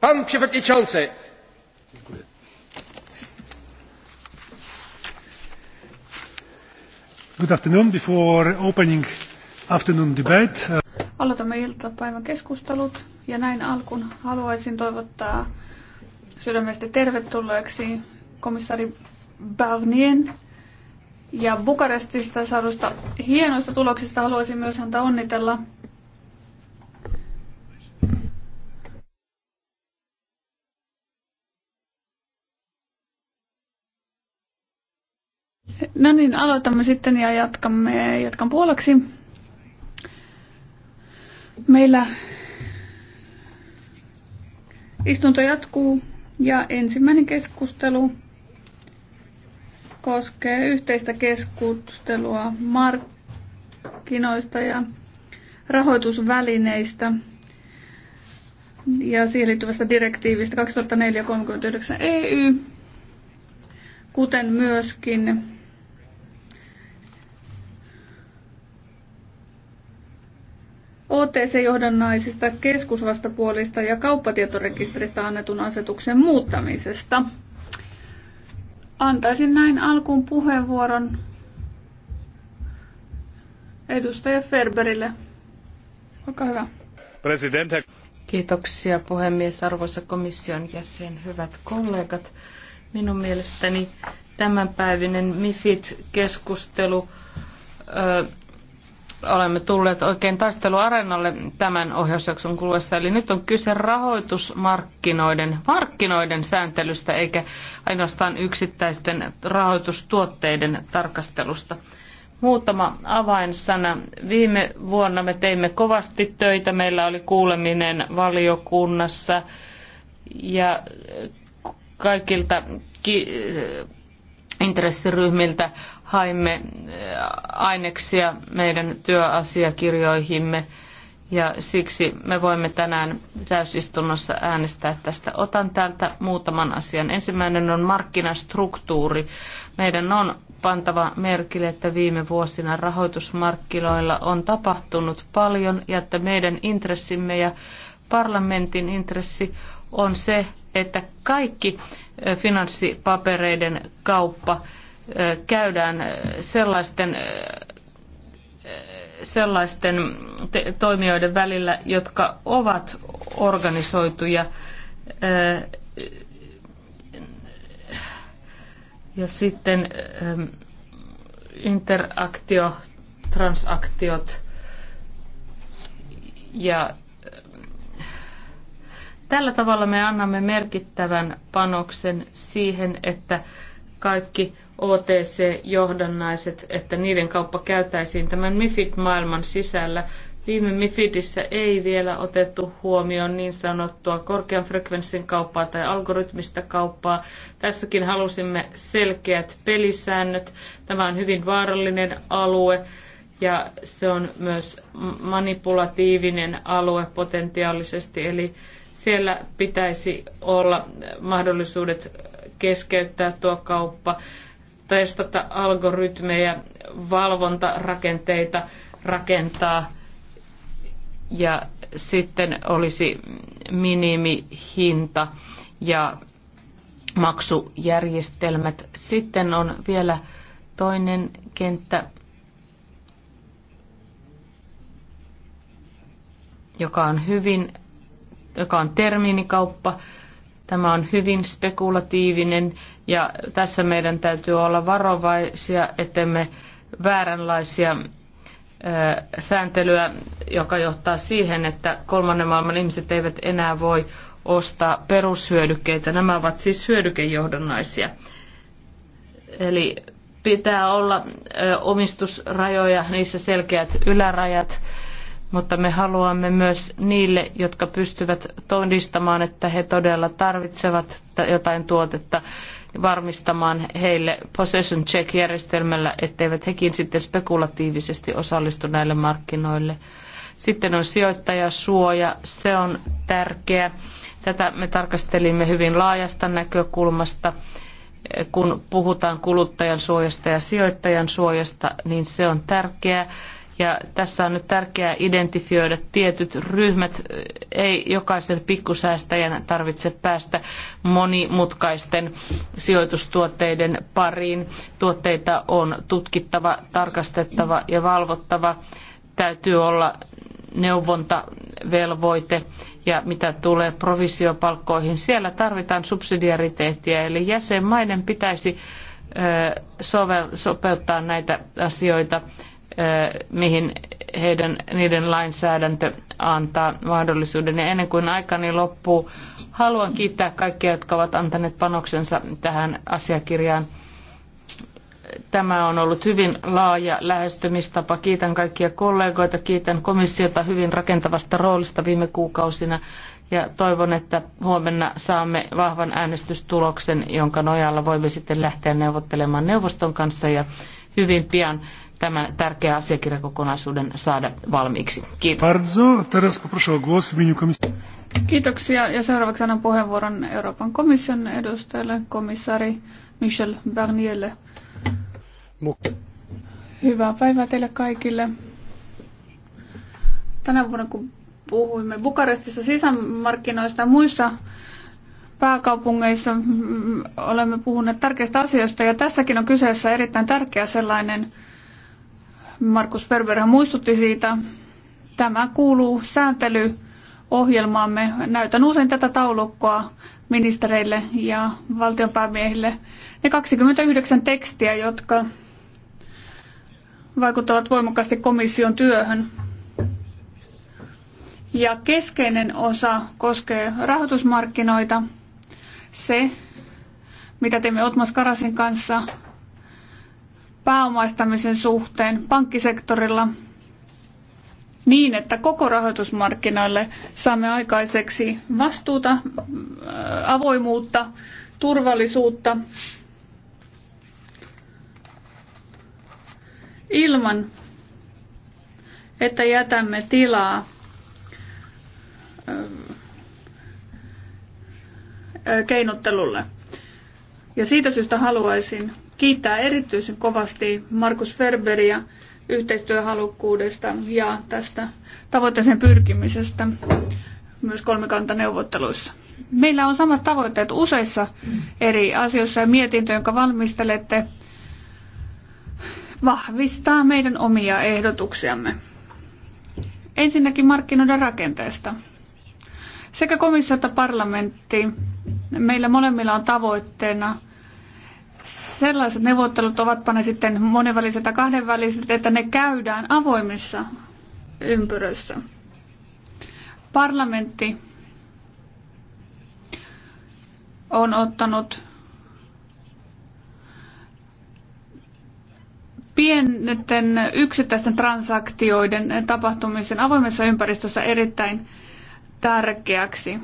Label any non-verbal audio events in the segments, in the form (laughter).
Pan przewodniczący. Dziękuję. Good afternoon. Before opening afternoon debate. Uh, Aloitamme iltapäivän keskustelut ja näin alkuun haluaisin toivottaa sydämestä tervetulleeksi komissaari Barnien ja Bukarestista saadusta hienoista tuloksista haluaisin myös häntä onnitella. No niin, aloitamme sitten ja jatkamme, jatkan puolaksi. Meillä istunto jatkuu ja ensimmäinen keskustelu koskee yhteistä keskustelua markkinoista ja rahoitusvälineistä ja siihen liittyvästä direktiivistä 2004-39 EY, kuten myöskin OTC-johdannaisista keskusvastapuolista ja kauppatietorekisteristä annetun asetuksen muuttamisesta. Antaisin näin alkuun puheenvuoron edustaja Ferberille. Olkaa hyvä. President. Kiitoksia puhemies, arvoisa komission jäsen, hyvät kollegat. Minun mielestäni tämänpäiväinen MIFID-keskustelu olemme tulleet oikein taisteluareenalle tämän ohjausjakson kuluessa. Eli nyt on kyse rahoitusmarkkinoiden, markkinoiden sääntelystä eikä ainoastaan yksittäisten rahoitustuotteiden tarkastelusta. Muutama avainsana. Viime vuonna me teimme kovasti töitä. Meillä oli kuuleminen valiokunnassa ja kaikilta ki- intressiryhmiltä haimme eh, aineksia meidän työasiakirjoihimme ja siksi me voimme tänään täysistunnossa äänestää tästä. Otan täältä muutaman asian. Ensimmäinen on markkinastruktuuri. Meidän on pantava merkille, että viime vuosina rahoitusmarkkinoilla on tapahtunut paljon ja että meidän intressimme ja parlamentin intressi on se, että kaikki eh, finanssipapereiden kauppa käydään sellaisten, sellaisten toimijoiden välillä, jotka ovat organisoituja. Ja sitten ähm, interaktio, transaktiot ja äh, tällä tavalla me annamme merkittävän panoksen siihen, että kaikki OTC-johdannaiset, että niiden kauppa käytäisiin tämän MIFID-maailman sisällä. Viime MIFIDissä ei vielä otettu huomioon niin sanottua korkean frekvenssin kauppaa tai algoritmista kauppaa. Tässäkin halusimme selkeät pelisäännöt. Tämä on hyvin vaarallinen alue ja se on myös manipulatiivinen alue potentiaalisesti, eli siellä pitäisi olla mahdollisuudet keskeyttää tuo kauppa testata algoritmeja, valvontarakenteita rakentaa ja sitten olisi minimihinta ja maksujärjestelmät. Sitten on vielä toinen kenttä, joka on hyvin, joka on termiinikauppa. Tämä on hyvin spekulatiivinen ja tässä meidän täytyy olla varovaisia, ettemme vääränlaisia sääntelyä, joka johtaa siihen, että kolmannen maailman ihmiset eivät enää voi ostaa perushyödykkeitä. Nämä ovat siis hyödykejohdonnaisia. Eli pitää olla omistusrajoja, niissä selkeät ylärajat mutta me haluamme myös niille, jotka pystyvät todistamaan, että he todella tarvitsevat jotain tuotetta, varmistamaan heille possession check-järjestelmällä, etteivät hekin sitten spekulatiivisesti osallistu näille markkinoille. Sitten on sijoittajasuoja, se on tärkeä. Tätä me tarkastelimme hyvin laajasta näkökulmasta. Kun puhutaan kuluttajan suojasta ja sijoittajan suojasta, niin se on tärkeää ja tässä on nyt tärkeää identifioida tietyt ryhmät. Ei jokaisen pikkusäästäjän tarvitse päästä monimutkaisten sijoitustuotteiden pariin. Tuotteita on tutkittava, tarkastettava ja valvottava. Täytyy olla neuvontavelvoite ja mitä tulee provisiopalkkoihin. Siellä tarvitaan subsidiariteettia, eli jäsenmaiden pitäisi sopeuttaa näitä asioita Eh, mihin heidän, niiden lainsäädäntö antaa mahdollisuuden. Ja ennen kuin aikani loppuu, haluan kiittää kaikkia, jotka ovat antaneet panoksensa tähän asiakirjaan. Tämä on ollut hyvin laaja lähestymistapa. Kiitän kaikkia kollegoita, kiitän komissiota hyvin rakentavasta roolista viime kuukausina ja toivon, että huomenna saamme vahvan äänestystuloksen, jonka nojalla voimme sitten lähteä neuvottelemaan neuvoston kanssa ja hyvin pian tämän tärkeän asiakirjakokonaisuuden saada valmiiksi. Kiitos. Kiitoksia. Ja seuraavaksi annan puheenvuoron Euroopan komission edustajalle, komissaari Michel Barnierlle. Hyvää päivää teille kaikille. Tänä vuonna, kun puhuimme Bukarestissa sisämarkkinoista ja muissa pääkaupungeissa mm, mm, olemme puhuneet tärkeistä asioista ja tässäkin on kyseessä erittäin tärkeä sellainen. Markus Ferber muistutti siitä, tämä kuuluu sääntelyohjelmaamme. Näytän usein tätä taulukkoa ministereille ja valtionpäämiehille. Ne 29 tekstiä, jotka vaikuttavat voimakkaasti komission työhön. Ja keskeinen osa koskee rahoitusmarkkinoita. Se, mitä teimme Otmas Karasin kanssa pääomaistamisen suhteen pankkisektorilla niin, että koko rahoitusmarkkinoille saamme aikaiseksi vastuuta, äh, avoimuutta, turvallisuutta ilman, että jätämme tilaa äh, äh, keinottelulle. Ja siitä syystä haluaisin kiittää erityisen kovasti Markus Ferberia yhteistyöhalukkuudesta ja tästä tavoitteeseen pyrkimisestä myös kolmikantaneuvotteluissa. Meillä on samat tavoitteet useissa eri asioissa ja mietintö, jonka valmistelette, vahvistaa meidän omia ehdotuksiamme. Ensinnäkin markkinoiden rakenteesta. Sekä komissio että parlamentti, meillä molemmilla on tavoitteena – sellaiset neuvottelut, ovatpa ne sitten monenväliset tai kahdenväliset, että ne käydään avoimessa ympyröissä. Parlamentti on ottanut pienten yksittäisten transaktioiden tapahtumisen avoimessa ympäristössä erittäin tärkeäksi.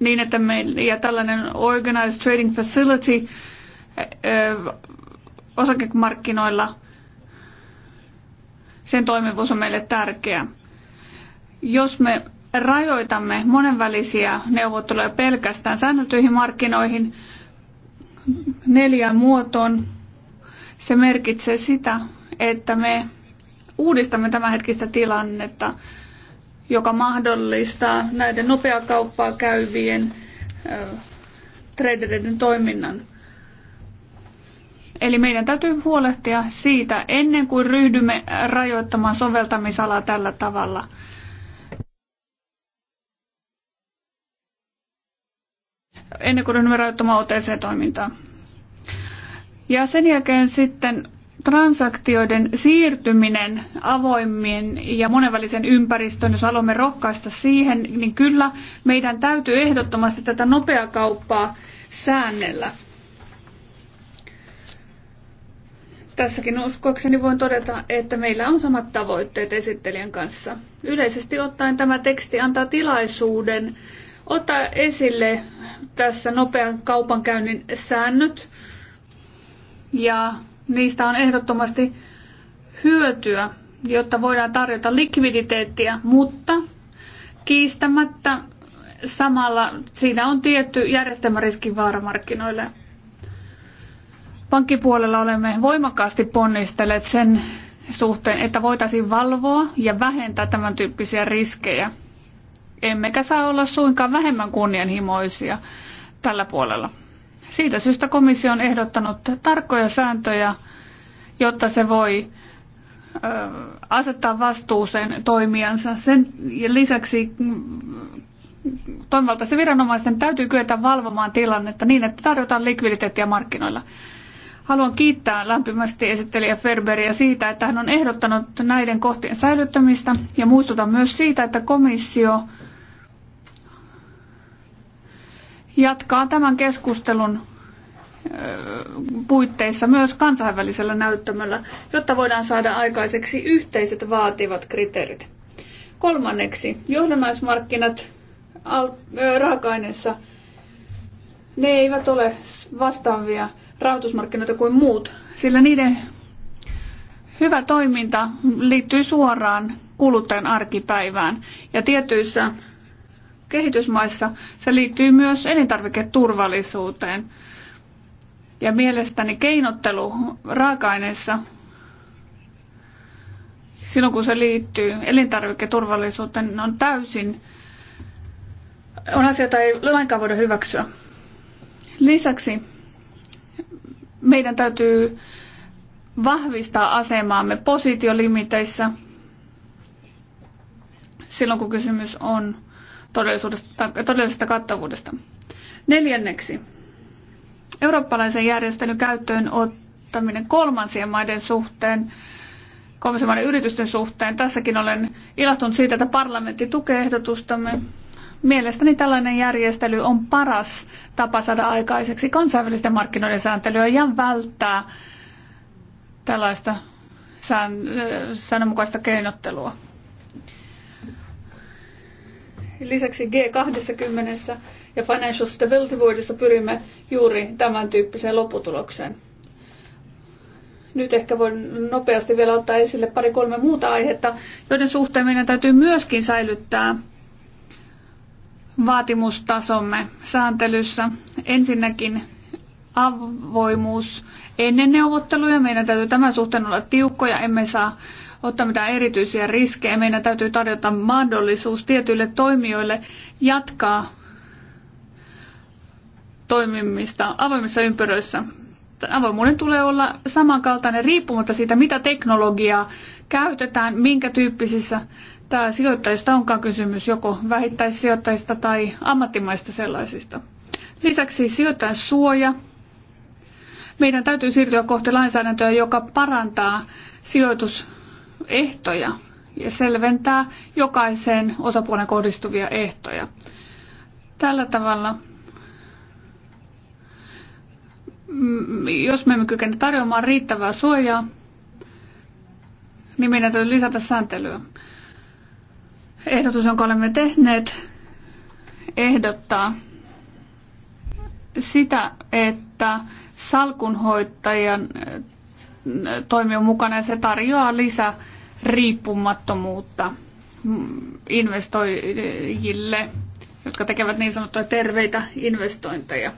niin, että meillä ja tällainen Organized Trading Facility osakemarkkinoilla, sen toimivuus on meille tärkeä. Jos me rajoitamme monenvälisiä neuvotteluja pelkästään säänneltyihin markkinoihin neljään muotoon, se merkitsee sitä, että me uudistamme tämänhetkistä tilannetta joka mahdollistaa näiden nopeaa kauppaa käyvien tradereiden toiminnan. Eli meidän täytyy huolehtia siitä ennen kuin ryhdymme rajoittamaan soveltamisalaa tällä tavalla. Ennen kuin ryhdymme rajoittamaan OTC-toimintaa. Ja sen jälkeen sitten transaktioiden siirtyminen avoimien ja monenvälisen ympäristön, jos haluamme rohkaista siihen, niin kyllä meidän täytyy ehdottomasti tätä nopeakauppaa säännellä. Tässäkin uskoakseni voin todeta, että meillä on samat tavoitteet esittelijän kanssa. Yleisesti ottaen tämä teksti antaa tilaisuuden ottaa esille tässä nopean kaupankäynnin säännöt ja Niistä on ehdottomasti hyötyä, jotta voidaan tarjota likviditeettiä, mutta kiistämättä samalla siinä on tietty järjestelmäriski vaaramarkkinoille. Pankkipuolella olemme voimakkaasti ponnistelleet sen suhteen, että voitaisiin valvoa ja vähentää tämän tyyppisiä riskejä. Emmekä saa olla suinkaan vähemmän kunnianhimoisia tällä puolella. Siitä syystä komissio on ehdottanut tarkkoja sääntöjä, jotta se voi asettaa vastuuseen toimijansa. Sen lisäksi toimivaltaisten viranomaisten täytyy kyetä valvomaan tilannetta niin, että tarjotaan likviditeettiä markkinoilla. Haluan kiittää lämpimästi esittelijä Ferberia siitä, että hän on ehdottanut näiden kohtien säilyttämistä ja muistutan myös siitä, että komissio jatkaa tämän keskustelun puitteissa myös kansainvälisellä näyttämöllä, jotta voidaan saada aikaiseksi yhteiset vaativat kriteerit. Kolmanneksi, johdannaismarkkinat raaka-aineissa, ne eivät ole vastaavia rahoitusmarkkinoita kuin muut, sillä niiden hyvä toiminta liittyy suoraan kuluttajan arkipäivään ja tietyissä kehitysmaissa. Se liittyy myös elintarviketurvallisuuteen. Ja mielestäni keinottelu raaka-aineissa, silloin kun se liittyy elintarviketurvallisuuteen, on täysin, on asia, jota ei lainkaan voida hyväksyä. Lisäksi meidän täytyy vahvistaa asemaamme positiolimiteissä silloin, kun kysymys on todellisuudesta, todellisesta kattavuudesta. Neljänneksi, eurooppalaisen järjestelyn käyttöön ottaminen kolmansien maiden suhteen, kolmansien maiden yritysten suhteen. Tässäkin olen ilahtunut siitä, että parlamentti tukee ehdotustamme. Mielestäni tällainen järjestely on paras tapa saada aikaiseksi kansainvälisten markkinoiden sääntelyä ja välttää tällaista sään, säännönmukaista keinottelua. Lisäksi G20 ja Financial Stability Boardissa pyrimme juuri tämän tyyppiseen lopputulokseen. Nyt ehkä voin nopeasti vielä ottaa esille pari-kolme muuta aihetta, joiden suhteen meidän täytyy myöskin säilyttää vaatimustasomme sääntelyssä. Ensinnäkin avoimuus ennen neuvotteluja. Meidän täytyy tämän suhteen olla tiukkoja, emme saa ottaa mitään erityisiä riskejä. Meidän täytyy tarjota mahdollisuus tietyille toimijoille jatkaa toimimista avoimissa ympyröissä. Avoimuuden tulee olla samankaltainen riippumatta siitä, mitä teknologiaa käytetään, minkä tyyppisissä tämä sijoittajista onkaan kysymys, joko vähittäissijoittajista tai ammattimaista sellaisista. Lisäksi sijoittajan suoja. Meidän täytyy siirtyä kohti lainsäädäntöä, joka parantaa sijoitus ehtoja ja selventää jokaiseen osapuolen kohdistuvia ehtoja. Tällä tavalla, mm, jos me emme kykene tarjoamaan riittävää suojaa, niin meidän täytyy lisätä sääntelyä. Ehdotus, jonka olemme tehneet, ehdottaa sitä, että salkunhoitajan eh, toimi on mukana ja se tarjoaa lisää riippumattomuutta investoijille, jotka tekevät niin sanottuja terveitä investointeja.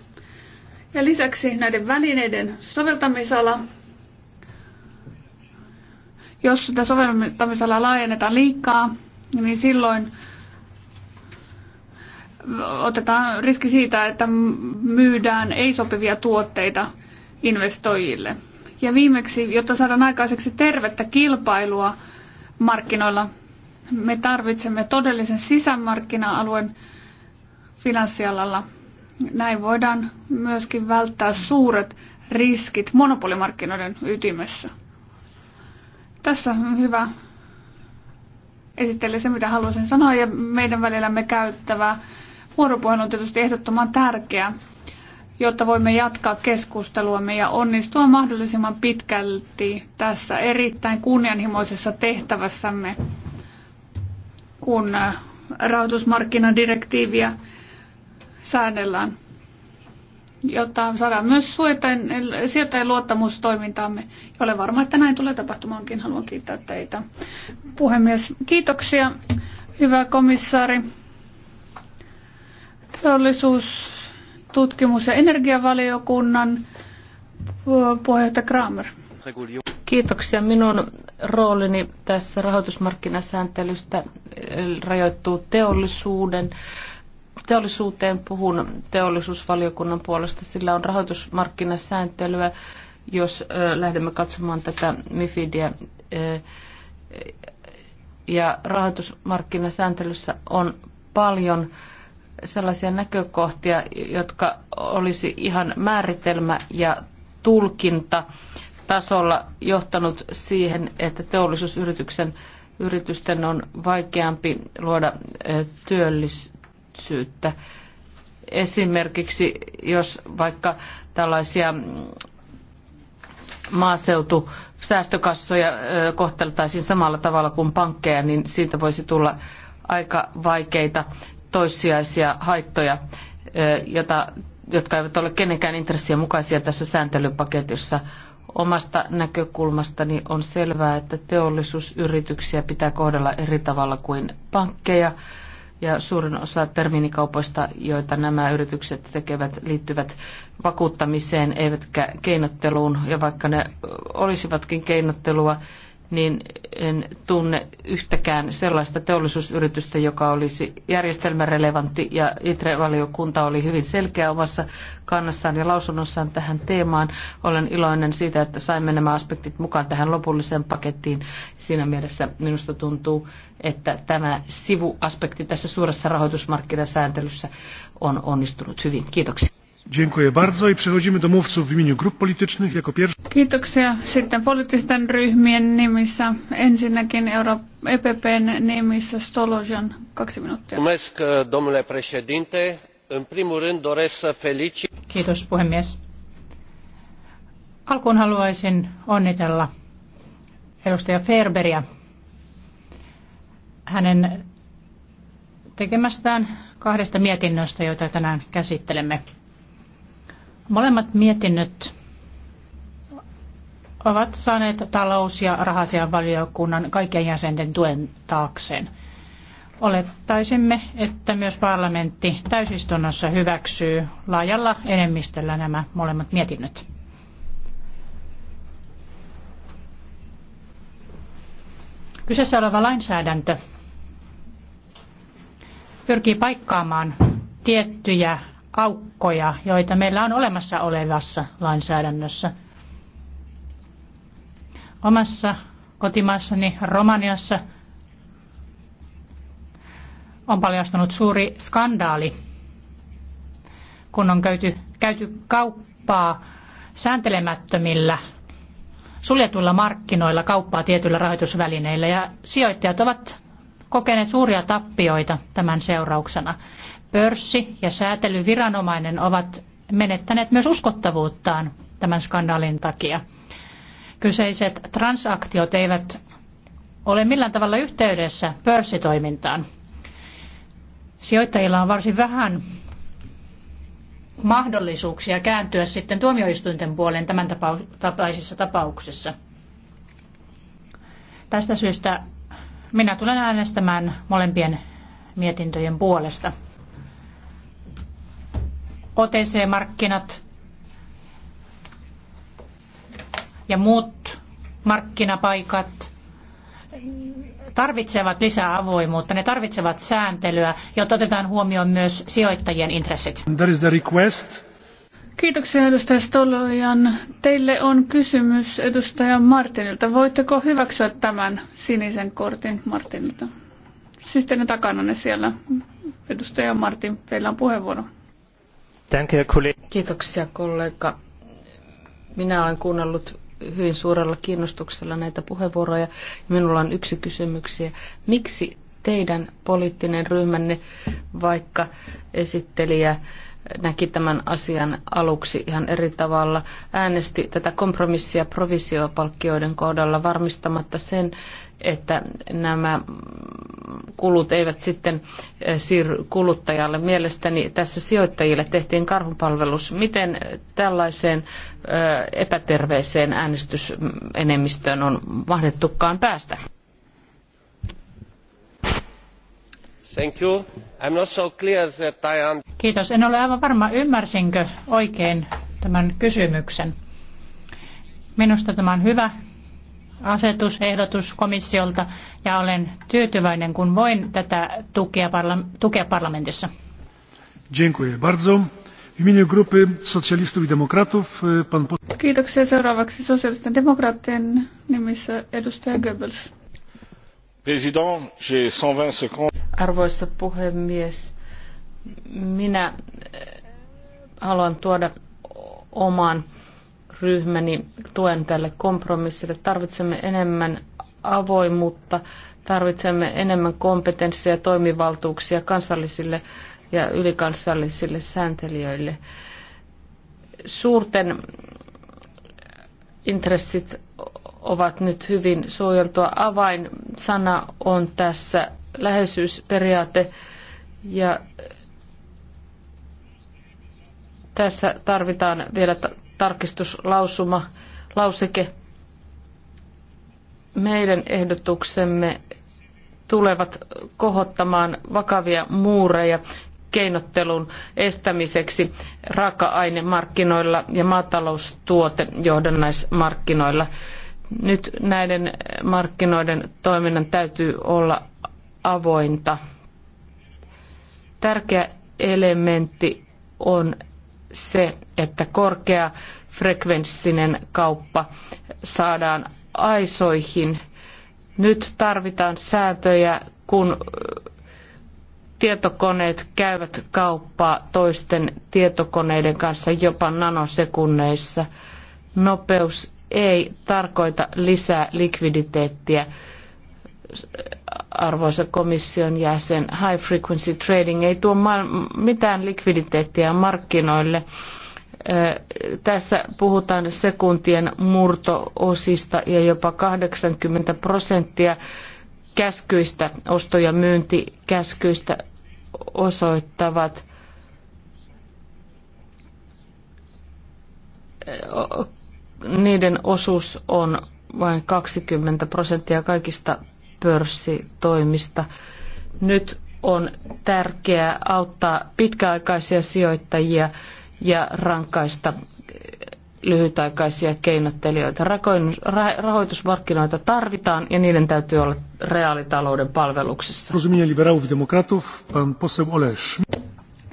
Ja lisäksi näiden välineiden soveltamisala, jos sitä soveltamisala laajennetaan liikaa, niin silloin otetaan riski siitä, että myydään ei-sopivia tuotteita investoijille. Ja viimeksi, jotta saadaan aikaiseksi tervettä kilpailua, markkinoilla. Me tarvitsemme todellisen sisämarkkina-alueen finanssialalla. Näin voidaan myöskin välttää suuret riskit monopolimarkkinoiden ytimessä. Tässä on hyvä esittelee se, mitä haluaisin sanoa, ja meidän välillämme käyttävä vuoropuhelu on tietysti ehdottoman tärkeä jotta voimme jatkaa keskusteluamme ja onnistua mahdollisimman pitkälti tässä erittäin kunnianhimoisessa tehtävässämme, kun äh, rahoitusmarkkinadirektiiviä säännellään, jotta saadaan myös sijoittajien luottamus toimintaamme. Ja olen varma, että näin tulee tapahtumaankin. Haluan kiittää teitä. Puhemies, kiitoksia. Hyvä komissaari. Teollisuus tutkimus- ja energiavaliokunnan puheenjohtaja Kramer. Kiitoksia. Minun roolini tässä rahoitusmarkkinasääntelystä eh, rajoittuu teollisuuden teollisuuteen puhun teollisuusvaliokunnan puolesta, sillä on rahoitusmarkkinasääntelyä, jos eh, lähdemme katsomaan tätä MIFIDiä. Eh, ja rahoitusmarkkinasääntelyssä on paljon sellaisia näkökohtia, jotka olisi ihan määritelmä ja tulkinta tasolla johtanut siihen, että teollisuusyrityksen yritysten on vaikeampi luoda työllisyyttä. Esimerkiksi jos vaikka tällaisia maaseutu säästökassoja kohteltaisiin samalla tavalla kuin pankkeja, niin siitä voisi tulla aika vaikeita toissijaisia haittoja, jota, jotka eivät ole kenenkään intressien mukaisia tässä sääntelypaketissa. Omasta näkökulmastani on selvää, että teollisuusyrityksiä pitää kohdella eri tavalla kuin pankkeja. Ja suurin osa terminikaupoista, joita nämä yritykset tekevät, liittyvät vakuuttamiseen eivätkä keinotteluun. Ja vaikka ne olisivatkin keinottelua, niin en tunne yhtäkään sellaista teollisuusyritystä, joka olisi järjestelmärelevantti ja ITRE-valiokunta oli hyvin selkeä omassa kannassaan ja lausunnossaan tähän teemaan. Olen iloinen siitä, että saimme nämä aspektit mukaan tähän lopulliseen pakettiin. Siinä mielessä minusta tuntuu, että tämä sivuaspekti tässä suuressa rahoitusmarkkinasääntelyssä on onnistunut hyvin. Kiitoksia. Kiitoksia. Sitten poliittisten ryhmien nimissä. Ensinnäkin Euro- EPPn nimissä Stolojan kaksi minuuttia. domnule președinte. În primul rând doresc să felicit... Kiitos puhemies. Alkuun haluaisin onnitella edustaja Ferberia hänen tekemästään kahdesta mietinnöstä, joita tänään käsittelemme. Molemmat mietinnöt ovat saaneet talous- ja valiokunnan kaikkien jäsenten tuen taakseen. Olettaisimme, että myös parlamentti täysistunnossa hyväksyy laajalla enemmistöllä nämä molemmat mietinnöt. Kyseessä oleva lainsäädäntö pyrkii paikkaamaan tiettyjä aukkoja, joita meillä on olemassa olevassa lainsäädännössä. Omassa kotimaassani Romaniassa on paljastunut suuri skandaali, kun on käyty, käyty kauppaa sääntelemättömillä suljetuilla markkinoilla kauppaa tietyillä rahoitusvälineillä ja sijoittajat ovat kokeneet suuria tappioita tämän seurauksena pörssi ja säätelyviranomainen ovat menettäneet myös uskottavuuttaan tämän skandaalin takia. Kyseiset transaktiot eivät ole millään tavalla yhteydessä pörssitoimintaan. Sijoittajilla on varsin vähän mahdollisuuksia kääntyä sitten tuomioistuinten puoleen tämän tapaisissa tapauksissa. Tästä syystä minä tulen äänestämään molempien mietintöjen puolesta. OTC-markkinat ja muut markkinapaikat tarvitsevat lisää avoimuutta, ne tarvitsevat sääntelyä, jotta otetaan huomioon myös sijoittajien intressit. There is the request. Kiitoksia edustaja Stolojan. Teille on kysymys edustaja Martinilta. Voitteko hyväksyä tämän sinisen kortin Martinilta? Siis teidän takananne siellä. Edustaja Martin, teillä on puheenvuoro. Kiitoksia kollega. Minä olen kuunnellut hyvin suurella kiinnostuksella näitä puheenvuoroja. Minulla on yksi kysymyksiä. Miksi teidän poliittinen ryhmänne, vaikka esittelijä näki tämän asian aluksi ihan eri tavalla, äänesti tätä kompromissia provisiopalkkioiden kohdalla varmistamatta sen, että nämä kulut eivät sitten eh, siirry kuluttajalle. Mielestäni tässä sijoittajille tehtiin karhunpalvelus. Miten tällaiseen eh, epäterveeseen äänestysenemmistöön on mahdettukaan päästä? Thank you. I'm not so clear that I am... Kiitos. En ole aivan varma, ymmärsinkö oikein tämän kysymyksen. Minusta tämä on hyvä asetusehdotus komissiolta ja olen tyytyväinen, kun voin tätä tukea, parla- tukea parlamentissa. Dziękuję bardzo. W imieniu grupy socjalistów i demokratów pan... Kiitoksia. Seuraavaksi sosiaalisten demokraattien nimissä edustaja Goebbels. President, j'ai 120 secondes. Arvoisa puhemies, minä äh, haluan tuoda oman ryhmäni tuen tälle kompromissille. Tarvitsemme enemmän avoimuutta, tarvitsemme enemmän kompetenssia ja toimivaltuuksia kansallisille ja ylikansallisille sääntelijöille. Suurten intressit ovat nyt hyvin suojeltua. sana on tässä läheisyysperiaate ja tässä tarvitaan vielä tarkistuslausuma, lauseke. Meidän ehdotuksemme tulevat kohottamaan vakavia muureja keinottelun estämiseksi raaka-ainemarkkinoilla ja maataloustuotejohdannaismarkkinoilla. Nyt näiden markkinoiden toiminnan täytyy olla avointa. Tärkeä elementti on se, että korkea frekvenssinen kauppa saadaan aisoihin. Nyt tarvitaan sääntöjä, kun tietokoneet käyvät kauppaa toisten tietokoneiden kanssa jopa nanosekunneissa. Nopeus ei tarkoita lisää likviditeettiä arvoisa komission jäsen, high frequency trading ei tuo mitään likviditeettiä markkinoille. Tässä puhutaan sekuntien murtoosista ja jopa 80 prosenttia käskyistä, osto- ja myyntikäskyistä osoittavat niiden osuus on vain 20 prosenttia kaikista pörssitoimista. Nyt on tärkeää auttaa pitkäaikaisia sijoittajia ja rankaista lyhytaikaisia keinottelijoita. Rahoitusmarkkinoita tarvitaan ja niiden täytyy olla reaalitalouden palveluksessa.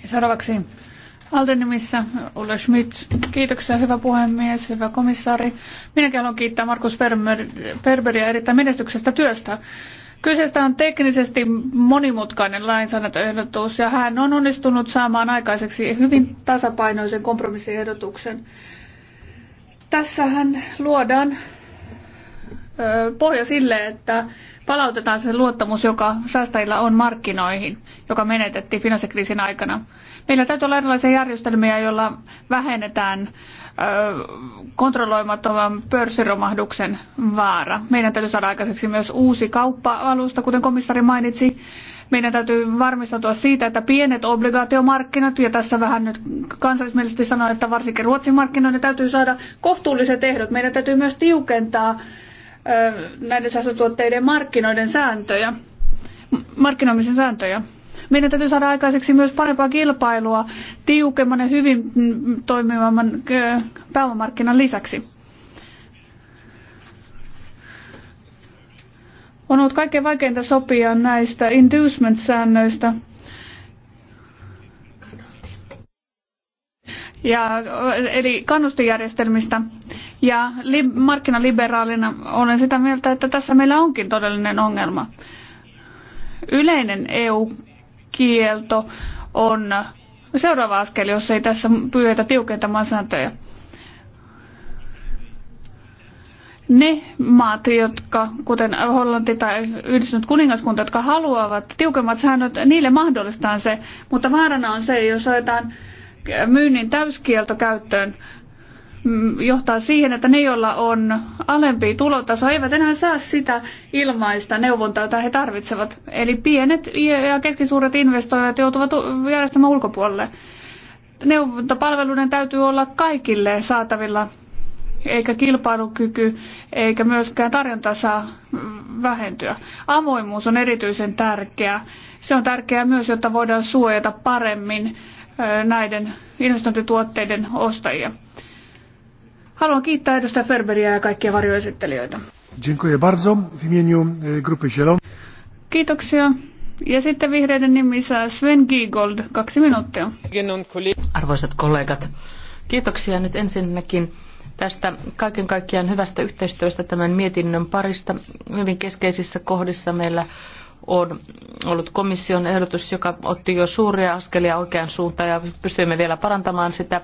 Seuraavaksi Alden nimissä Ulle Schmidt. Kiitoksia, hyvä puhemies, hyvä komissaari. Minäkin haluan kiittää Markus Ferberia erittäin menestyksestä työstä. Kyseessä on teknisesti monimutkainen lainsäädäntöehdotus ja hän on onnistunut saamaan aikaiseksi hyvin tasapainoisen kompromissiehdotuksen. Tässähän luodaan pohja sille, että palautetaan se luottamus, joka säästäjillä on markkinoihin, joka menetettiin finanssikriisin aikana. Meillä täytyy olla erilaisia järjestelmiä, joilla vähennetään kontrolloimattoman pörssiromahduksen vaara. Meidän täytyy saada aikaiseksi myös uusi kauppa-alusta, kuten komissari mainitsi. Meidän täytyy varmistautua siitä, että pienet obligaatiomarkkinat, ja tässä vähän nyt kansallismielisesti sanon, että varsinkin Ruotsin markkinoiden täytyy saada kohtuulliset ehdot. Meidän täytyy myös tiukentaa näiden sähkötuotteiden markkinoiden sääntöjä, markkinoimisen sääntöjä. Meidän täytyy saada aikaiseksi myös parempaa kilpailua tiukemman ja hyvin toimivamman pääomamarkkinan lisäksi. On ollut kaikkein vaikeinta sopia näistä inducement-säännöistä. Ja, eli kannustejärjestelmistä ja li- markkinaliberaalina olen sitä mieltä, että tässä meillä onkin todellinen ongelma. Yleinen EU-kielto on seuraava askel, jos ei tässä pyydetä tiukentamaan sääntöjä. Ne maat, jotka, kuten Hollanti tai Yhdistynyt kuningaskunta, jotka haluavat tiukemmat säännöt, niille mahdollistaan se, mutta vaarana on se, jos otetaan myynnin täyskielto käyttöön, johtaa siihen, että ne, joilla on alempi tulotaso, eivät enää saa sitä ilmaista neuvontaa, jota he tarvitsevat. Eli pienet ja keskisuuret investoijat joutuvat järjestämään ulkopuolelle. Neuvontapalveluiden täytyy olla kaikille saatavilla, eikä kilpailukyky eikä myöskään tarjonta saa vähentyä. Avoimuus on erityisen tärkeää. Se on tärkeää myös, jotta voidaan suojata paremmin näiden investointituotteiden ostajia. Haluan kiittää edustaja Ferberiä ja kaikkia varjoesittelijöitä. Dziękuję bardzo w imieniu e, grupy Zielon. Kiitoksia. Ja sitten vihreiden nimissä Sven Giegold, kaksi minuuttia. Arvoisat kollegat, kiitoksia nyt ensinnäkin tästä kaiken kaikkiaan hyvästä yhteistyöstä tämän mietinnön parista. Hyvin keskeisissä kohdissa meillä on ollut komission ehdotus, joka otti jo suuria askelia oikeaan suuntaan ja pystyimme vielä parantamaan sitä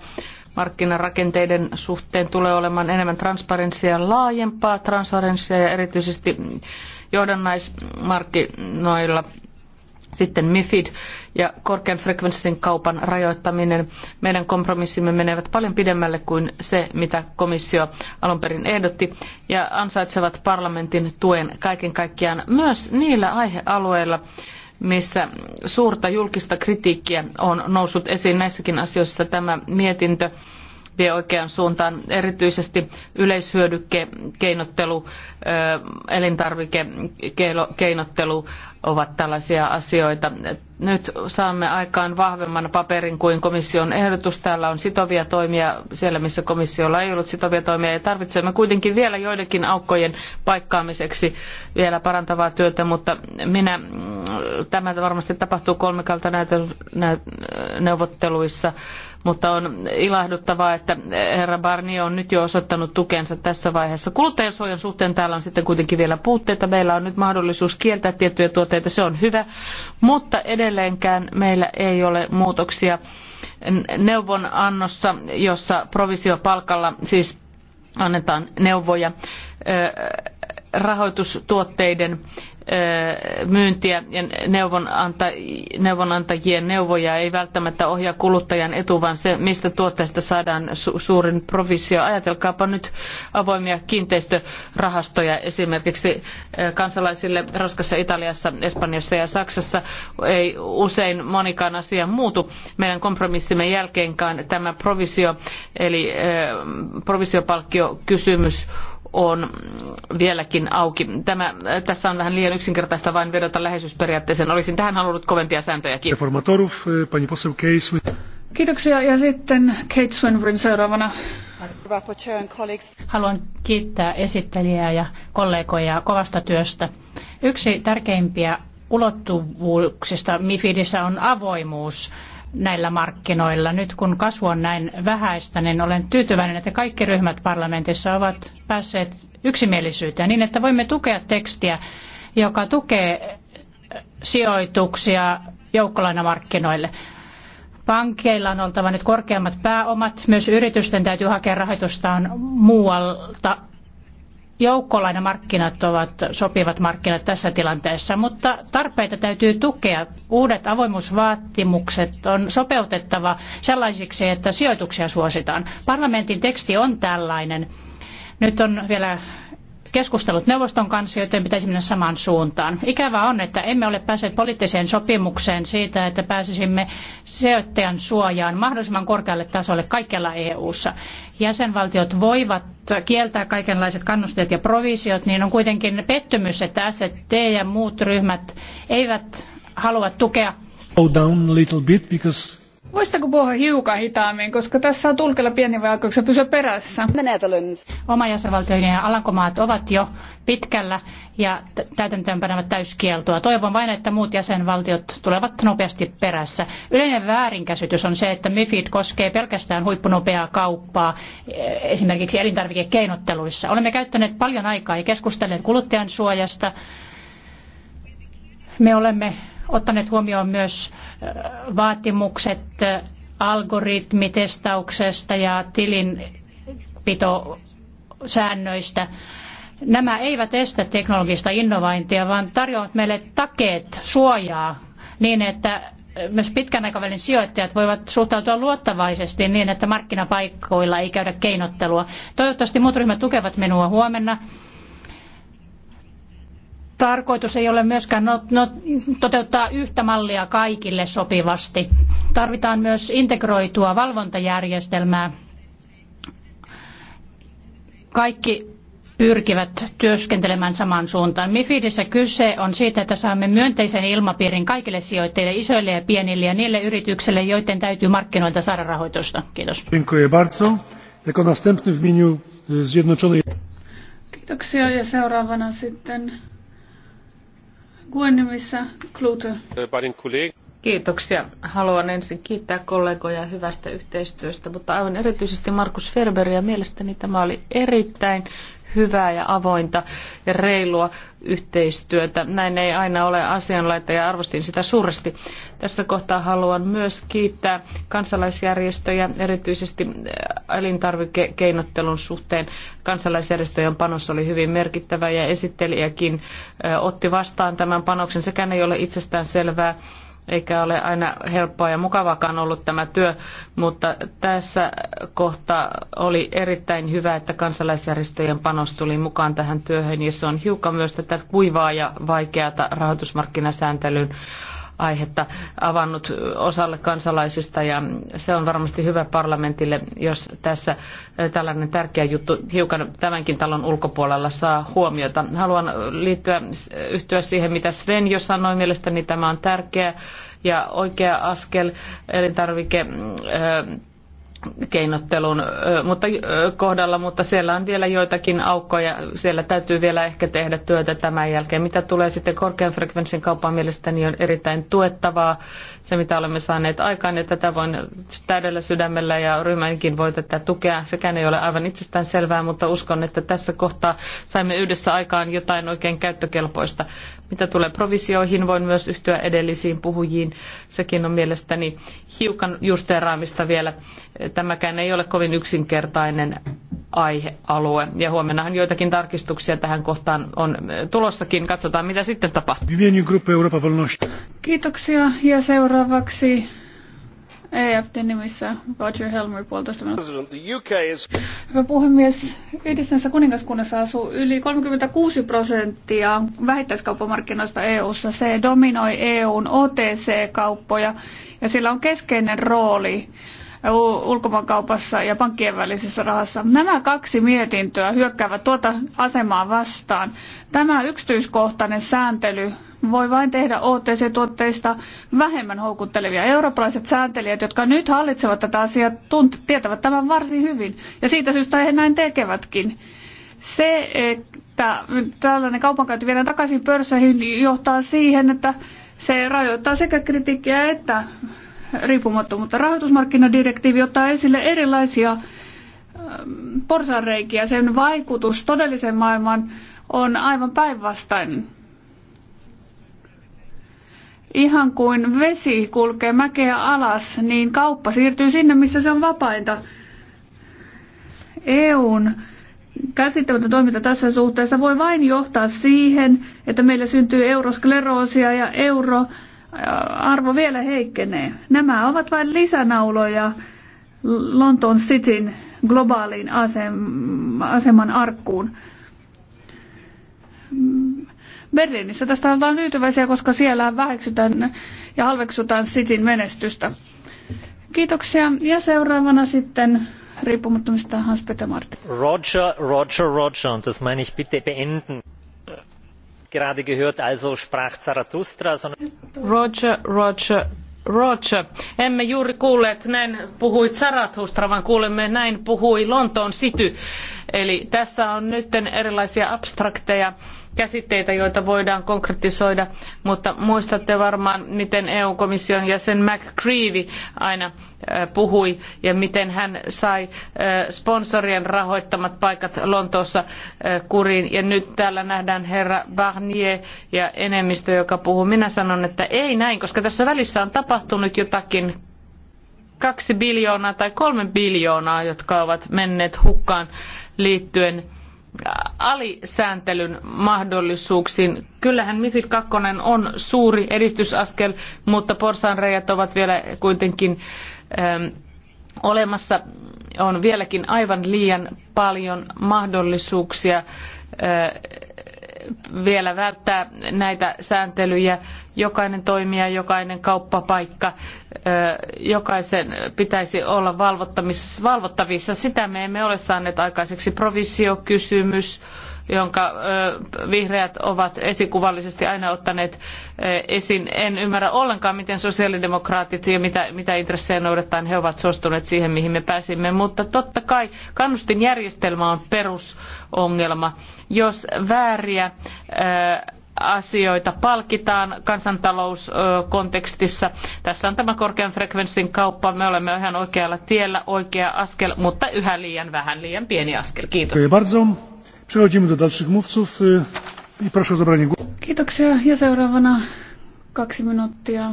markkinarakenteiden suhteen tulee olemaan enemmän transparenssia, laajempaa transparenssia ja erityisesti johdannaismarkkinoilla sitten MIFID ja korkean frekvenssin kaupan rajoittaminen. Meidän kompromissimme menevät paljon pidemmälle kuin se, mitä komissio alun perin ehdotti, ja ansaitsevat parlamentin tuen kaiken kaikkiaan myös niillä aihealueilla, missä suurta julkista kritiikkiä on noussut esiin näissäkin asioissa tämä mietintö vie oikeaan suuntaan. Erityisesti yleishyödykekeinottelu, elintarvikekeinottelu ovat tällaisia asioita nyt saamme aikaan vahvemman paperin kuin komission ehdotus. Täällä on sitovia toimia siellä, missä komissiolla ei ollut sitovia toimia. Ja tarvitsemme kuitenkin vielä joidenkin aukkojen paikkaamiseksi vielä parantavaa työtä, mutta minä, mm, tämä varmasti tapahtuu kolmikalta neuvotteluissa mutta on ilahduttavaa, että herra Barnier on nyt jo osoittanut tukensa tässä vaiheessa. Kuluttajansuojan suhteen täällä on sitten kuitenkin vielä puutteita. Meillä on nyt mahdollisuus kieltää tiettyjä tuotteita, se on hyvä, mutta edelleenkään meillä ei ole muutoksia neuvonannossa, jossa provisiopalkalla siis annetaan neuvoja rahoitustuotteiden myyntiä ja neuvonanta, neuvonantajien neuvoja ei välttämättä ohjaa kuluttajan etu, vaan se, mistä tuotteesta saadaan su- suurin provisio. Ajatelkaapa nyt avoimia kiinteistörahastoja esimerkiksi kansalaisille Ranskassa, Italiassa, Espanjassa ja Saksassa. Ei usein monikaan asia muutu meidän kompromissimme jälkeenkaan. Tämä provisio, eli provisiopalkkiokysymys kysymys on vieläkin auki. Tämä, tässä on vähän liian yksinkertaista vain vedota läheisyysperiaatteeseen. Olisin tähän halunnut kovempia sääntöjä. E, Kiitos. Kiitoksia ja sitten Kate Swinburne seuraavana. Haluan kiittää esittelijää ja kollegoja kovasta työstä. Yksi tärkeimpiä ulottuvuuksista MIFIDissä on avoimuus näillä markkinoilla. Nyt kun kasvu on näin vähäistä, niin olen tyytyväinen, että kaikki ryhmät parlamentissa ovat päässeet yksimielisyyteen niin, että voimme tukea tekstiä, joka tukee sijoituksia joukkolainamarkkinoille. Pankeilla on oltava nyt korkeammat pääomat, myös yritysten täytyy hakea rahoitustaan muualta Joukkolainamarkkinat ovat sopivat markkinat tässä tilanteessa, mutta tarpeita täytyy tukea. Uudet avoimuusvaatimukset on sopeutettava sellaisiksi, että sijoituksia suositaan. Parlamentin teksti on tällainen. Nyt on vielä keskustelut neuvoston kanssa, joten pitäisi mennä samaan suuntaan. Ikävää on, että emme ole päässeet poliittiseen sopimukseen siitä, että pääsisimme sijoittajan suojaan mahdollisimman korkealle tasolle kaikkialla EU-ssa jäsenvaltiot voivat kieltää kaikenlaiset kannusteet ja provisiot, niin on kuitenkin pettymys, että ST ja muut ryhmät eivät halua tukea. down a little bit because Voisitko puhua hiukan hitaammin, koska tässä on tulkella pieni vaikeuksia pysyä perässä. Oma jäsenvaltioiden ja Alankomaat ovat jo pitkällä ja täytäntöönpanovat täyskieltoa. Toivon vain, että muut jäsenvaltiot tulevat nopeasti perässä. Yleinen väärinkäsitys on se, että MIFID koskee pelkästään huippunopeaa kauppaa, e, esimerkiksi elintarvikekeinotteluissa. Olemme käyttäneet paljon aikaa ja keskustelleet kuluttajan suojasta. Me olemme ottaneet huomioon myös äh, vaatimukset äh, algoritmitestauksesta ja tilinpitosäännöistä. Nämä eivät estä teknologista innovointia, vaan tarjoavat meille takeet, suojaa niin, että myös pitkän aikavälin sijoittajat voivat suhtautua luottavaisesti niin, että markkinapaikoilla ei käydä keinottelua. Toivottavasti muut ryhmät tukevat minua huomenna Tarkoitus ei ole myöskään not, not, toteuttaa yhtä mallia kaikille sopivasti. Tarvitaan myös integroitua valvontajärjestelmää. Kaikki pyrkivät työskentelemään samaan suuntaan. Mifidissä kyse on siitä, että saamme myönteisen ilmapiirin kaikille sijoittajille, isoille ja pienille ja niille yrityksille, joiden täytyy markkinoilta saada rahoitusta. Kiitos. Kiitoksia ja seuraavana sitten Klute. Kiitoksia. Haluan ensin kiittää kollegoja hyvästä yhteistyöstä, mutta aivan erityisesti Markus Ferberia. Mielestäni tämä oli erittäin hyvää ja avointa ja reilua yhteistyötä. Näin ei aina ole asianlaita ja arvostin sitä suuresti. Tässä kohtaa haluan myös kiittää kansalaisjärjestöjä, erityisesti äh, elintarvikekeinottelun suhteen. Kansalaisjärjestöjen panos oli hyvin merkittävä ja esittelijäkin äh, otti vastaan tämän panoksen. Sekään ei ole itsestään selvää eikä ole aina helppoa ja mukavakaan ollut tämä työ, mutta tässä kohtaa oli erittäin hyvä, että kansalaisjärjestöjen panos tuli mukaan tähän työhön ja se on hiukan myös tätä kuivaa ja vaikeata rahoitusmarkkinasääntelyn aihetta avannut osalle kansalaisista ja se on varmasti hyvä parlamentille, jos tässä tällainen tärkeä juttu hiukan tämänkin talon ulkopuolella saa huomiota. Haluan liittyä, yhtyä siihen, mitä Sven jo sanoi. Mielestäni tämä on tärkeä ja oikea askel elintarvike keinottelun mutta, kohdalla, mutta siellä on vielä joitakin aukkoja. Siellä täytyy vielä ehkä tehdä työtä tämän jälkeen. Mitä tulee sitten korkean frekvenssin kaupan mielestäni niin on erittäin tuettavaa se, mitä olemme saaneet aikaan. Ja tätä voin täydellä sydämellä ja ryhmänkin voi tätä tukea. Sekään ei ole aivan itsestään selvää, mutta uskon, että tässä kohtaa saimme yhdessä aikaan jotain oikein käyttökelpoista. Mitä tulee provisioihin, voin myös yhtyä edellisiin puhujiin. Sekin on mielestäni hiukan justeeraamista vielä. Tämäkään ei ole kovin yksinkertainen aihealue. Ja huomennahan joitakin tarkistuksia tähän kohtaan on äh, tulossakin. Katsotaan, mitä sitten tapahtuu. Kiitoksia. Ja seuraavaksi EFD nimissä Roger Helmer puolitoista minuuttia. Hyvä puhemies, Yhdistyneessä kuningaskunnassa asuu yli 36 prosenttia vähittäiskauppamarkkinoista EU-ssa. Se dominoi EUn OTC-kauppoja ja sillä on keskeinen rooli ulkomaankaupassa ja pankkien välisessä rahassa. Nämä kaksi mietintöä hyökkäävät tuota asemaa vastaan. Tämä yksityiskohtainen sääntely voi vain tehdä OTC-tuotteista vähemmän houkuttelevia. Eurooppalaiset sääntelijät, jotka nyt hallitsevat tätä asiaa, tunt- tietävät tämän varsin hyvin. Ja siitä syystä he näin tekevätkin. Se, että tällainen kaupankäynti viedään takaisin pörsseihin, johtaa siihen, että se rajoittaa sekä kritiikkiä että riippumattomuutta. Rahoitusmarkkinadirektiivi ottaa esille erilaisia ähm, porsanreikiä. Sen vaikutus todelliseen maailmaan on aivan päinvastainen. Ihan kuin vesi kulkee mäkeä alas, niin kauppa siirtyy sinne, missä se on vapainta. EUn käsittämätön toiminta tässä suhteessa voi vain johtaa siihen, että meillä syntyy euroskleroosia ja euroarvo vielä heikkenee. Nämä ovat vain lisänauloja Lontoon Cityn globaaliin aseman arkkuun. Berliinissä tästä ollaan tyytyväisiä, koska siellä väheksytään ja halveksutaan Sitin menestystä. Kiitoksia. Ja seuraavana sitten riippumattomista Hans-Peter Martin. Roger, Roger, Roger. Und das meine ich bitte beenden. Gerade gehört, also sprach Zarathustra. Sondern... Roger, Roger, Roger, emme juuri kuulleet näin puhui Zarathustra, vaan kuulemme näin puhui Lontoon City. Eli tässä on nyt erilaisia abstrakteja käsitteitä, joita voidaan konkretisoida, mutta muistatte varmaan, miten EU-komission jäsen McCreevy aina äh, puhui ja miten hän sai äh, sponsorien rahoittamat paikat Lontoossa äh, kuriin. Ja nyt täällä nähdään herra Barnier ja enemmistö, joka puhuu. Minä sanon, että ei näin, koska tässä välissä on tapahtunut jotakin kaksi biljoonaa tai kolme biljoonaa, jotka ovat menneet hukkaan liittyen äh, alisääntelyn mahdollisuuksiin. Kyllähän MIFID 2 on suuri edistysaskel, mutta porsaanreijät ovat vielä kuitenkin ähm, olemassa. On vieläkin aivan liian paljon mahdollisuuksia äh, vielä välttää näitä sääntelyjä. Jokainen toimija, jokainen kauppapaikka, jokaisen pitäisi olla valvottavissa. Sitä me emme ole saaneet aikaiseksi. Provisiokysymys, kysymys jonka vihreät ovat esikuvallisesti aina ottaneet esiin. En ymmärrä ollenkaan, miten sosiaalidemokraatit ja mitä, mitä intressejä noudattaen he ovat suostuneet siihen, mihin me pääsimme. Mutta totta kai kannustinjärjestelmä on perusongelma. Jos vääriä asioita palkitaan kansantalouskontekstissa. Tässä on tämä korkean frekvenssin kauppa. Me olemme ihan oikealla tiellä, oikea askel, mutta yhä liian vähän, liian pieni askel. Kiitos. Przechodzimy do dalszych mówców i proszę o zabranie głosu. Kiitoksia ja seuraavana kaksi minuuttia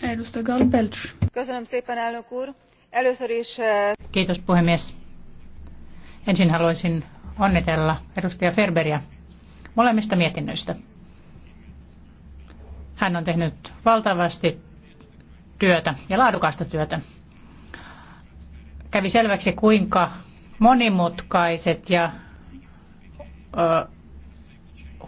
edustaja Gal Kiitos puhemies. Ensin haluaisin onnitella edustaja Ferberia molemmista mietinnöistä. Hän on tehnyt valtavasti työtä ja laadukasta työtä. Kävi selväksi, kuinka monimutkaiset ja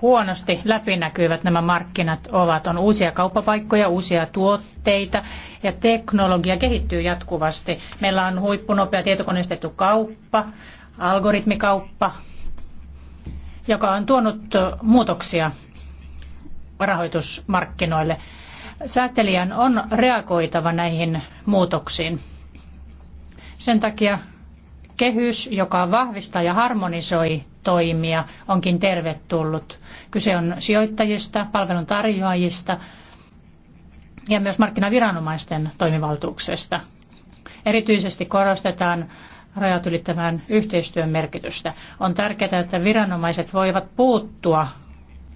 huonosti läpinäkyvät nämä markkinat ovat. On uusia kauppapaikkoja, uusia tuotteita ja teknologia kehittyy jatkuvasti. Meillä on huippunopea tietokoneistettu kauppa, algoritmikauppa, joka on tuonut muutoksia rahoitusmarkkinoille. Säätelijän on reagoitava näihin muutoksiin. Sen takia Kehys, joka vahvistaa ja harmonisoi toimia, onkin tervetullut. Kyse on sijoittajista, palveluntarjoajista ja myös markkinaviranomaisten toimivaltuuksesta. Erityisesti korostetaan rajat ylittävän yhteistyön merkitystä. On tärkeää, että viranomaiset voivat puuttua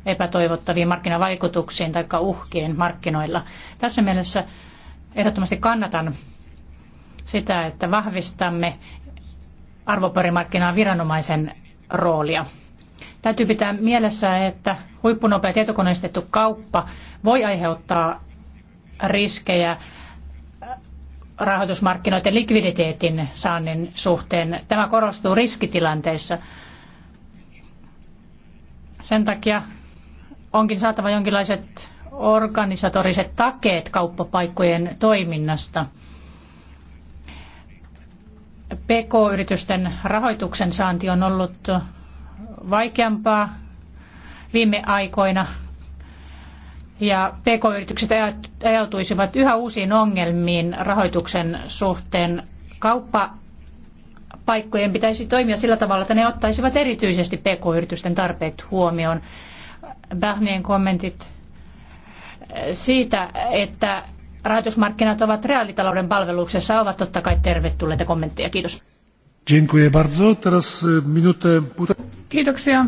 epätoivottaviin markkinavaikutuksiin tai uhkiin markkinoilla. Tässä mielessä ehdottomasti kannatan sitä, että vahvistamme arvopaperimarkkinaan viranomaisen roolia. Täytyy pitää mielessä, että huippunopea tietokoneistettu kauppa voi aiheuttaa riskejä äh, rahoitusmarkkinoiden likviditeetin saannin suhteen. Tämä korostuu riskitilanteissa. Sen takia onkin saatava jonkinlaiset organisatoriset takeet kauppapaikkojen toiminnasta – PK-yritysten rahoituksen saanti on ollut vaikeampaa viime aikoina ja PK-yritykset ajautuisivat yhä uusiin ongelmiin rahoituksen suhteen. Kauppapaikkojen pitäisi toimia sillä tavalla, että ne ottaisivat erityisesti PK-yritysten tarpeet huomioon. Bahnien kommentit siitä, että rahoitusmarkkinat ovat reaalitalouden palveluksessa, ovat totta kai tervetulleita kommentteja. Kiitos. Dziękuję bardzo. Teraz minutę... Kiitoksia.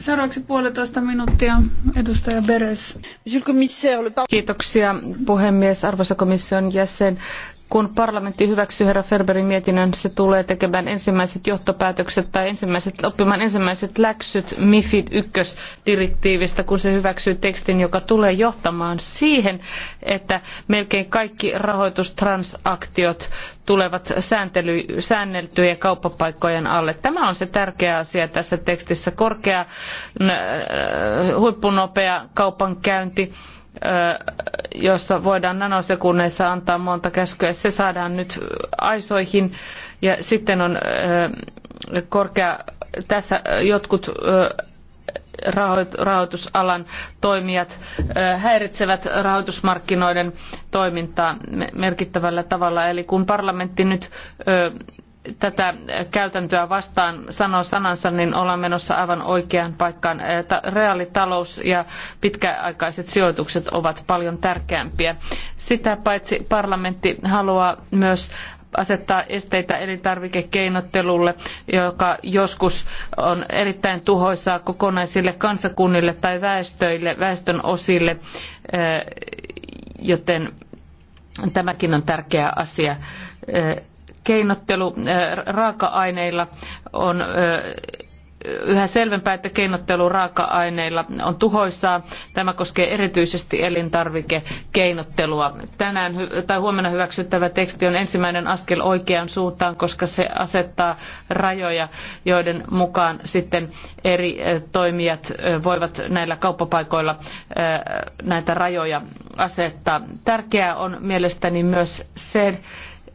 Seuraavaksi puolitoista minuuttia edustaja Beres. Kiitoksia puhemies, arvoisa komission jäsen kun parlamentti hyväksyy herra Ferberin mietinnön, se tulee tekemään ensimmäiset johtopäätökset tai ensimmäiset, oppimaan ensimmäiset läksyt MIFID 1-direktiivistä, kun se hyväksyy tekstin, joka tulee johtamaan siihen, että melkein kaikki rahoitustransaktiot tulevat sääntely, säänneltyjen kauppapaikkojen alle. Tämä on se tärkeä asia tässä tekstissä. Korkea, äh, huippunopea kaupankäynti, jossa voidaan nanosekunneissa antaa monta käskyä. Se saadaan nyt aisoihin ja sitten on korkea, tässä jotkut rahoitusalan toimijat häiritsevät rahoitusmarkkinoiden toimintaa merkittävällä tavalla. Eli kun parlamentti nyt tätä käytäntöä vastaan sanoo sanansa, niin ollaan menossa aivan oikeaan paikkaan. Reaalitalous ja pitkäaikaiset sijoitukset ovat paljon tärkeämpiä. Sitä paitsi parlamentti haluaa myös asettaa esteitä elintarvikekeinottelulle, joka joskus on erittäin tuhoisaa kokonaisille kansakunnille tai väestöille, väestön osille, joten tämäkin on tärkeä asia keinottelu äh, raaka-aineilla on äh, yhä selvempää, että keinottelu raaka-aineilla on tuhoisaa. Tämä koskee erityisesti elintarvikekeinottelua. Tänään tai huomenna hyväksyttävä teksti on ensimmäinen askel oikeaan suuntaan, koska se asettaa rajoja, joiden mukaan sitten eri äh, toimijat voivat näillä kauppapaikoilla näitä rajoja asettaa. Tärkeää on mielestäni myös se,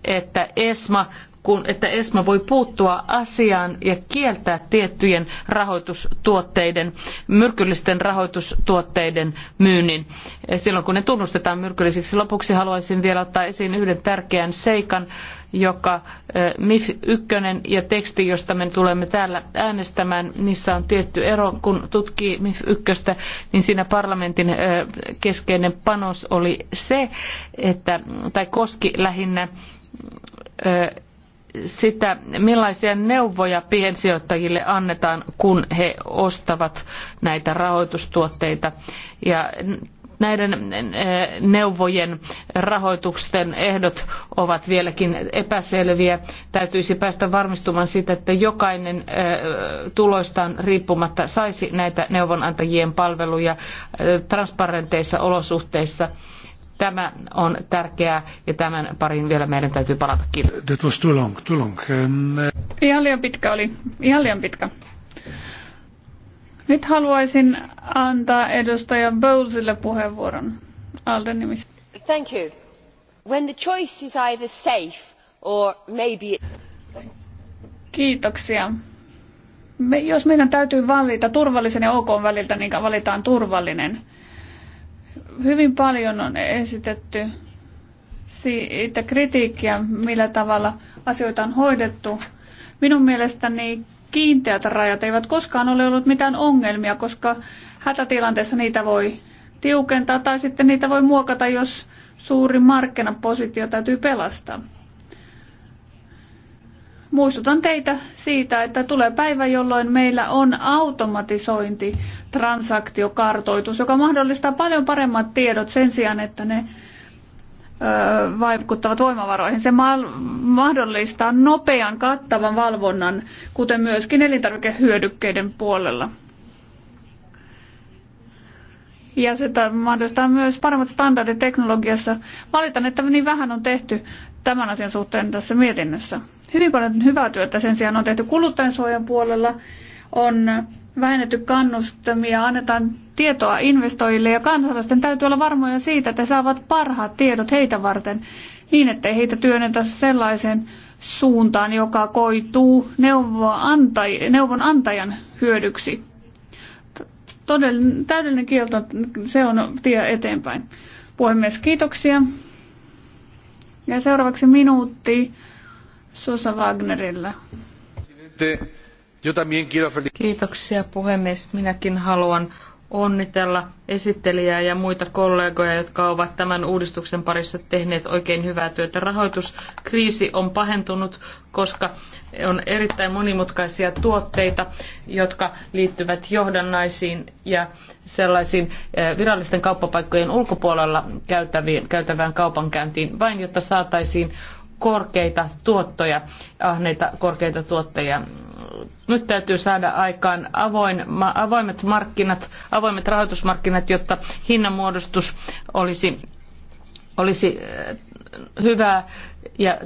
että ESMA kun, että ESMA voi puuttua asiaan ja kieltää tiettyjen rahoitustuotteiden, myrkyllisten rahoitustuotteiden myynnin. Silloin kun ne tunnustetaan myrkyllisiksi, lopuksi haluaisin vielä ottaa esiin yhden tärkeän seikan, joka MIF 1 ja teksti, josta me tulemme täällä äänestämään, missä on tietty ero. Kun tutkii MIF 1, niin siinä parlamentin keskeinen panos oli se, että, tai koski lähinnä sitä, millaisia neuvoja piensijoittajille annetaan, kun he ostavat näitä rahoitustuotteita. Ja näiden neuvojen rahoituksen ehdot ovat vieläkin epäselviä. Täytyisi päästä varmistumaan siitä, että jokainen tuloistaan riippumatta saisi näitä neuvonantajien palveluja transparenteissa olosuhteissa Tämä on tärkeää ja tämän parin vielä meidän täytyy palata. Kiitos. That was too long, too long. Um, uh, Ihan liian pitkä oli. Ihan liian pitkä. Nyt haluaisin antaa edustaja Bowlesille puheenvuoron. Alden nimissä. Thank you. When the choice is either safe or maybe... Kiitoksia. Me, jos meidän täytyy valita turvallisen ja OK väliltä, niin valitaan turvallinen. Hyvin paljon on esitetty siitä kritiikkiä, millä tavalla asioita on hoidettu. Minun mielestäni kiinteät rajat eivät koskaan ole ollut mitään ongelmia, koska hätätilanteessa niitä voi tiukentaa tai sitten niitä voi muokata, jos suuri markkinapositio täytyy pelastaa. Muistutan teitä siitä, että tulee päivä, jolloin meillä on automatisointi transaktiokartoitus, joka mahdollistaa paljon paremmat tiedot sen sijaan, että ne vaikuttavat voimavaroihin. Se mahdollistaa nopean kattavan valvonnan, kuten myöskin elintarvikehyödykkeiden puolella. Ja se mahdollistaa myös paremmat standardit teknologiassa. Valitan, että niin vähän on tehty tämän asian suhteen tässä mietinnössä. Hyvin paljon hyvää työtä sen sijaan on tehty kuluttajansuojan puolella. On vähennetty kannustamia, annetaan tietoa investoijille ja kansalaisten täytyy olla varmoja siitä, että saavat parhaat tiedot heitä varten niin, ettei heitä työnnetä sellaiseen suuntaan, joka koituu neuvon antajan hyödyksi. täydellinen kielto, se on tie eteenpäin. Puhemies, kiitoksia. Ja seuraavaksi minuutti Susa Wagnerille. Kiitoksia puhemies. Minäkin haluan onnitella esittelijää ja muita kollegoja, jotka ovat tämän uudistuksen parissa tehneet oikein hyvää työtä. Rahoituskriisi on pahentunut, koska on erittäin monimutkaisia tuotteita, jotka liittyvät johdannaisiin ja sellaisiin eh, virallisten kauppapaikkojen ulkopuolella käytävään kaupankäyntiin, vain jotta saataisiin korkeita tuottoja, ahneita korkeita tuottoja. Nyt täytyy saada aikaan avoin, avoimet markkinat, avoimet rahoitusmarkkinat, jotta hinnanmuodostus olisi, olisi äh, hyvää ja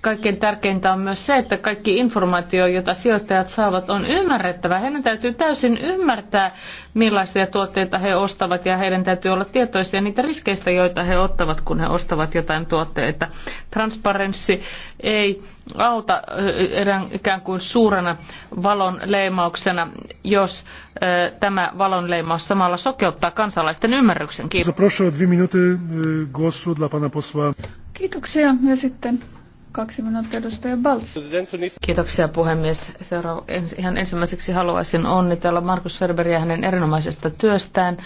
kaikkein tärkeintä on myös se, että kaikki informaatio, jota sijoittajat saavat, on ymmärrettävä. Heidän täytyy täysin ymmärtää, millaisia tuotteita he ostavat ja heidän täytyy olla tietoisia niitä riskeistä, joita he ottavat, kun he ostavat jotain tuotteita. Transparenssi ei auta eh, ikään kuin suurena valon leimauksena, jos eh, tämä valonleimaus samalla sokeuttaa kansalaisten ymmärryksen. Kiitos. Eh, Kiitoksia. Ja sitten Kaksi minuuttia edustaja Baltz. Kiitoksia puhemies. Seuraava, ihan ensimmäiseksi haluaisin onnitella Markus Ferberiä hänen erinomaisesta työstään.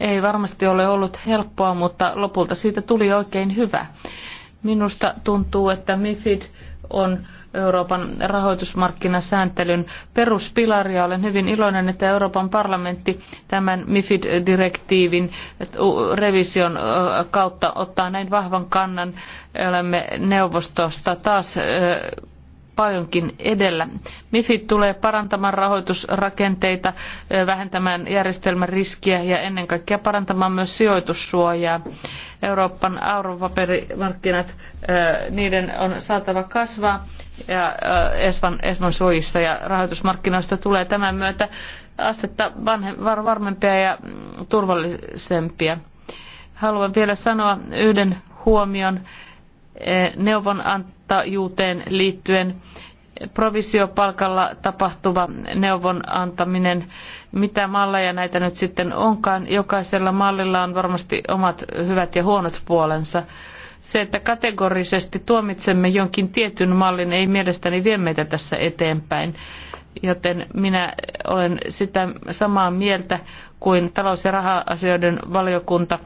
Ei varmasti ole ollut helppoa, mutta lopulta siitä tuli oikein hyvä. Minusta tuntuu, että MIFID on Euroopan rahoitusmarkkinasääntelyn peruspilaria. Olen hyvin iloinen, että Euroopan parlamentti tämän MIFID-direktiivin revision kautta ottaa näin vahvan kannan. Olemme neuvostosta taas paljonkin edellä. MIFID tulee parantamaan rahoitusrakenteita, vähentämään järjestelmän riskiä ja ennen kaikkea parantamaan myös sijoitussuojaa. Euroopan arvopaperimarkkinat, niiden on saatava kasvaa ja Esman, Esman suojissa ja rahoitusmarkkinoista tulee tämän myötä astetta var, varmempia ja turvallisempia. Haluan vielä sanoa yhden huomion neuvonantajuuteen liittyen. Provisiopalkalla tapahtuva neuvon antaminen mitä malleja näitä nyt sitten onkaan. Jokaisella mallilla on varmasti omat hyvät ja huonot puolensa. Se, että kategorisesti tuomitsemme jonkin tietyn mallin, ei mielestäni vie meitä tässä eteenpäin. Joten minä olen sitä samaa mieltä kuin talous- ja raha-asioiden valiokunta,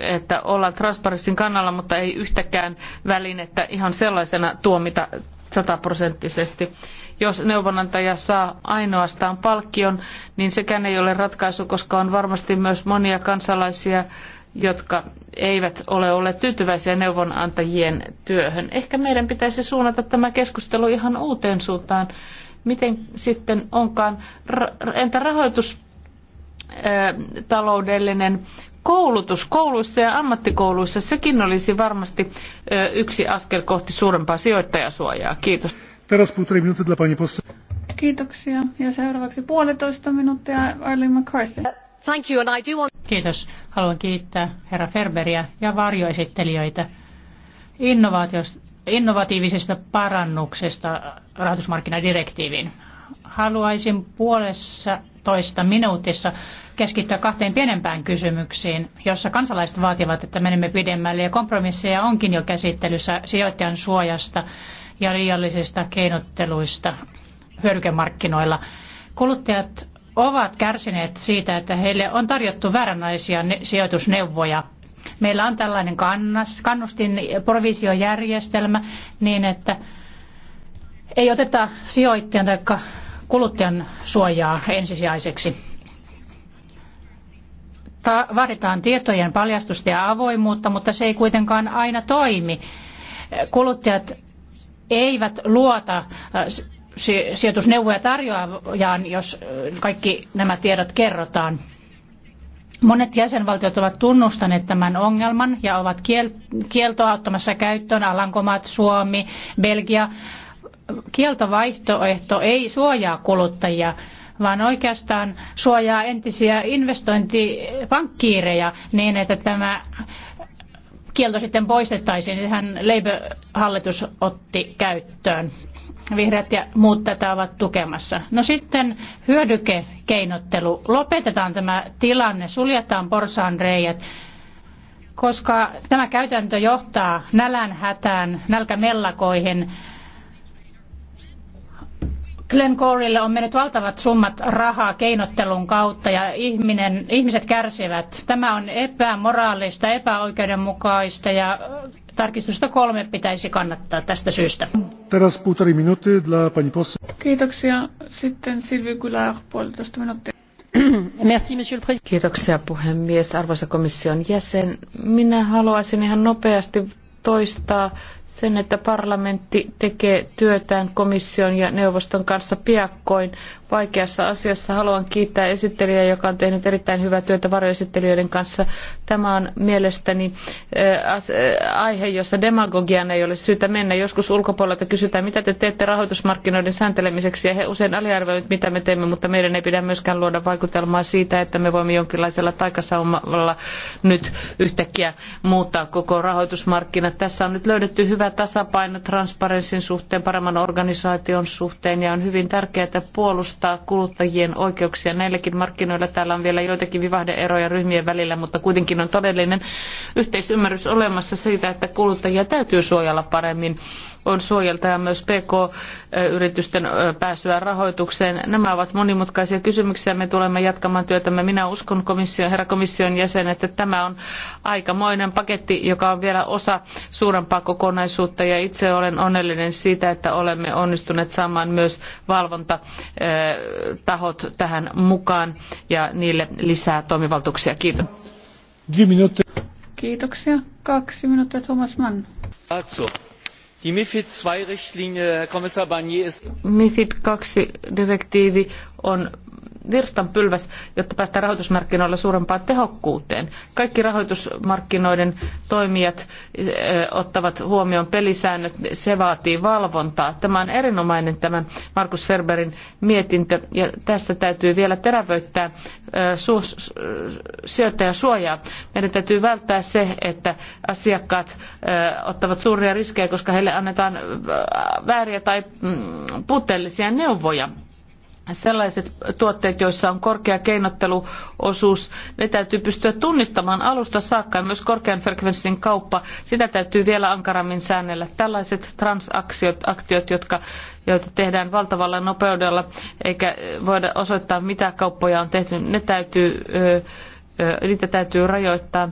että ollaan transparenssin kannalla, mutta ei yhtäkään välinettä ihan sellaisena tuomita sataprosenttisesti. Jos neuvonantaja saa ainoastaan palkkion, niin sekään ei ole ratkaisu, koska on varmasti myös monia kansalaisia, jotka eivät ole olleet tyytyväisiä neuvonantajien työhön. Ehkä meidän pitäisi suunnata tämä keskustelu ihan uuteen suuntaan. Miten sitten onkaan, entä rahoitus taloudellinen koulutus kouluissa ja ammattikouluissa, sekin olisi varmasti yksi askel kohti suurempaa sijoittajasuojaa. Kiitos. Teraz półtorej minuty dla pani poseł. Kiitoksia. Ja seuraavaksi puolitoista minuuttia Arlene McCarthy. Thank you, and I do want... Kiitos. Haluan kiittää herra Ferberia ja varjoesittelijöitä innovatiivisesta parannuksesta rahoitusmarkkinadirektiiviin. Haluaisin puolessa toista minuutissa keskittyä kahteen pienempään kysymyksiin, jossa kansalaiset vaativat, että menemme pidemmälle ja kompromisseja onkin jo käsittelyssä sijoittajan suojasta ja liiallisista keinotteluista hyödykemarkkinoilla. Kuluttajat ovat kärsineet siitä, että heille on tarjottu vääränlaisia sijoitusneuvoja. Meillä on tällainen kannas, kannustin provisiojärjestelmä niin, että ei oteta sijoittajan tai kuluttajan suojaa ensisijaiseksi. Ta- vaaditaan tietojen paljastusta ja avoimuutta, mutta se ei kuitenkaan aina toimi. Kuluttajat eivät luota äh, sijoitusneuvoja tarjoajaan, jos äh, kaikki nämä tiedot kerrotaan. Monet jäsenvaltiot ovat tunnustaneet tämän ongelman ja ovat kieltoa ottamassa käyttöön Alankomaat, Suomi, Belgia. Kieltovaihtoehto ei suojaa kuluttajia, vaan oikeastaan suojaa entisiä investointipankkiireja niin, että tämä kielto sitten poistettaisiin, niin hän Labour-hallitus otti käyttöön. Vihreät ja muut tätä ovat tukemassa. No sitten hyödykekeinottelu. Lopetetaan tämä tilanne, suljetaan porsaan reijät, koska tämä käytäntö johtaa nälänhätään, nälkämellakoihin, Glencorelle on mennyt valtavat summat rahaa keinottelun kautta ja ihminen, ihmiset kärsivät. Tämä on epämoraalista, epäoikeudenmukaista ja tarkistusta kolme pitäisi kannattaa tästä syystä. Teraz półtorej minuty dla pani poseł. Kiitoksia. Sitten Silvi Goulart, puolitoista minuuttia. (clears throat) Kiitoksia puhemies, arvoisa komission jäsen. Minä haluaisin ihan nopeasti toistaa sen, että parlamentti tekee työtään komission ja neuvoston kanssa piakkoin. Vaikeassa asiassa haluan kiittää esittelijää, joka on tehnyt erittäin hyvää työtä varjoesittelijöiden kanssa. Tämä on mielestäni äh, äh, aihe, jossa demagogian ei ole syytä mennä. Joskus ulkopuolelta kysytään, mitä te teette rahoitusmarkkinoiden sääntelemiseksi, ja he usein aliarvioivat, mitä me teemme, mutta meidän ei pidä myöskään luoda vaikutelmaa siitä, että me voimme jonkinlaisella taikasaumalla nyt yhtäkkiä muuttaa koko rahoitusmarkkinat. Tässä on nyt löydetty hyvä hyvä tasapaino transparenssin suhteen, paremman organisaation suhteen ja on hyvin tärkeää puolustaa kuluttajien oikeuksia näilläkin markkinoilla. Täällä on vielä joitakin vivahdeeroja ryhmien välillä, mutta kuitenkin on todellinen yhteisymmärrys olemassa siitä, että kuluttajia täytyy suojella paremmin on suojeltava myös PK-yritysten pääsyä rahoitukseen. Nämä ovat monimutkaisia kysymyksiä. Me tulemme jatkamaan työtämme. Minä uskon, komission, herra komission jäsen, että tämä on aikamoinen paketti, joka on vielä osa suurempaa kokonaisuutta. Ja itse olen onnellinen siitä, että olemme onnistuneet saamaan myös valvontatahot tähän mukaan ja niille lisää toimivaltuuksia. Kiitos. Kiitoksia. Kaksi minuuttia Thomas Mann. Katso. Die MIFID 2-Richtlinie, Herr Kommissar Barnier, ist... MIFID on virstanpylväs, jotta päästään rahoitusmarkkinoilla suurempaan tehokkuuteen. Kaikki rahoitusmarkkinoiden toimijat eh, ottavat huomioon pelisäännöt, se vaatii valvontaa. Tämä on erinomainen tämä Markus Ferberin mietintö ja tässä täytyy vielä terävöittää eh, su- sijoittajan suojaa. Meidän täytyy välttää se, että asiakkaat eh, ottavat suuria riskejä, koska heille annetaan vääriä tai mm, puutteellisia neuvoja sellaiset tuotteet, joissa on korkea keinotteluosuus, ne täytyy pystyä tunnistamaan alusta saakka ja myös korkean frekvenssin kauppa, sitä täytyy vielä ankarammin säännellä. Tällaiset transaktiot, jotka, joita tehdään valtavalla nopeudella, eikä voida osoittaa mitä kauppoja on tehty, ne täytyy, niitä täytyy rajoittaa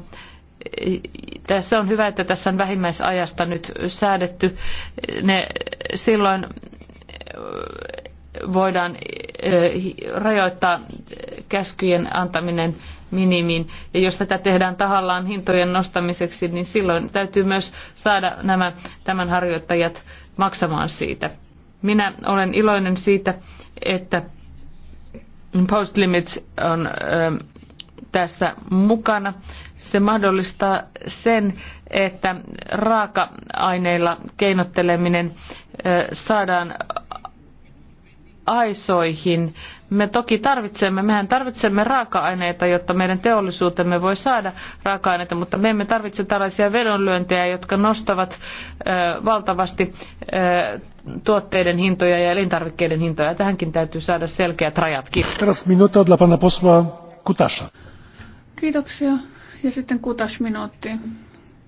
tässä on hyvä, että tässä on vähimmäisajasta nyt säädetty. Ne silloin voidaan rajoittaa käskyjen antaminen minimiin. Ja jos tätä tehdään tahallaan hintojen nostamiseksi, niin silloin täytyy myös saada nämä tämän harjoittajat maksamaan siitä. Minä olen iloinen siitä, että Post Limits on ö, tässä mukana. Se mahdollistaa sen, että raaka-aineilla keinotteleminen ö, saadaan aisoihin. Me toki tarvitsemme, mehän tarvitsemme raaka-aineita, jotta meidän teollisuutemme voi saada raaka-aineita, mutta me emme tarvitse tällaisia vedonlyöntejä, jotka nostavat ö, valtavasti ö, tuotteiden hintoja ja elintarvikkeiden hintoja. Tähänkin täytyy saada selkeät rajat. Kiitos. minuutta dla pana posła Kutasza. Kiitoksia. Ja sitten Kutas minuutti.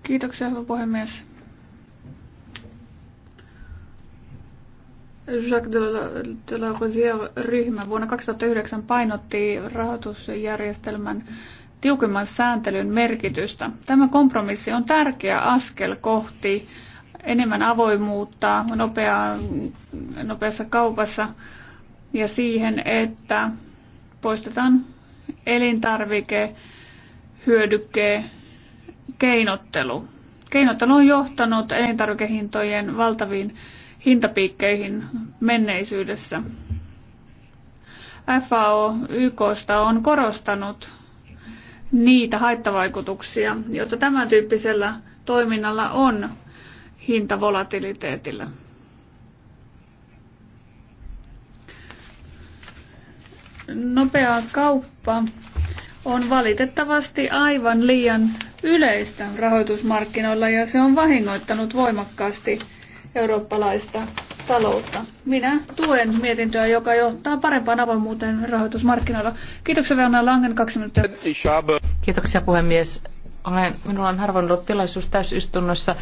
Kiitoksia, hyvä puhemies. Jacques de la Rosière-ryhmä vuonna 2009 painotti rahoitusjärjestelmän tiukemman sääntelyn merkitystä. Tämä kompromissi on tärkeä askel kohti enemmän avoimuutta nopea, nopeassa kaupassa ja siihen, että poistetaan elintarvike, hyödyke, keinottelu. Keinottelu on johtanut elintarvikehintojen valtaviin hintapiikkeihin menneisyydessä. FAO YKsta on korostanut niitä haittavaikutuksia, joita tämän tyyppisellä toiminnalla on hintavolatiliteetillä. Nopea kauppa on valitettavasti aivan liian yleistä rahoitusmarkkinoilla ja se on vahingoittanut voimakkaasti eurooppalaista taloutta. Minä tuen mietintöä, joka johtaa parempaan avoimuuteen rahoitusmarkkinoilla. Kiitoksia Veona Langen, kaksi minuuttia. Kiitoksia puhemies. Olen, minulla on harvoin ollut tilaisuus täysistunnossa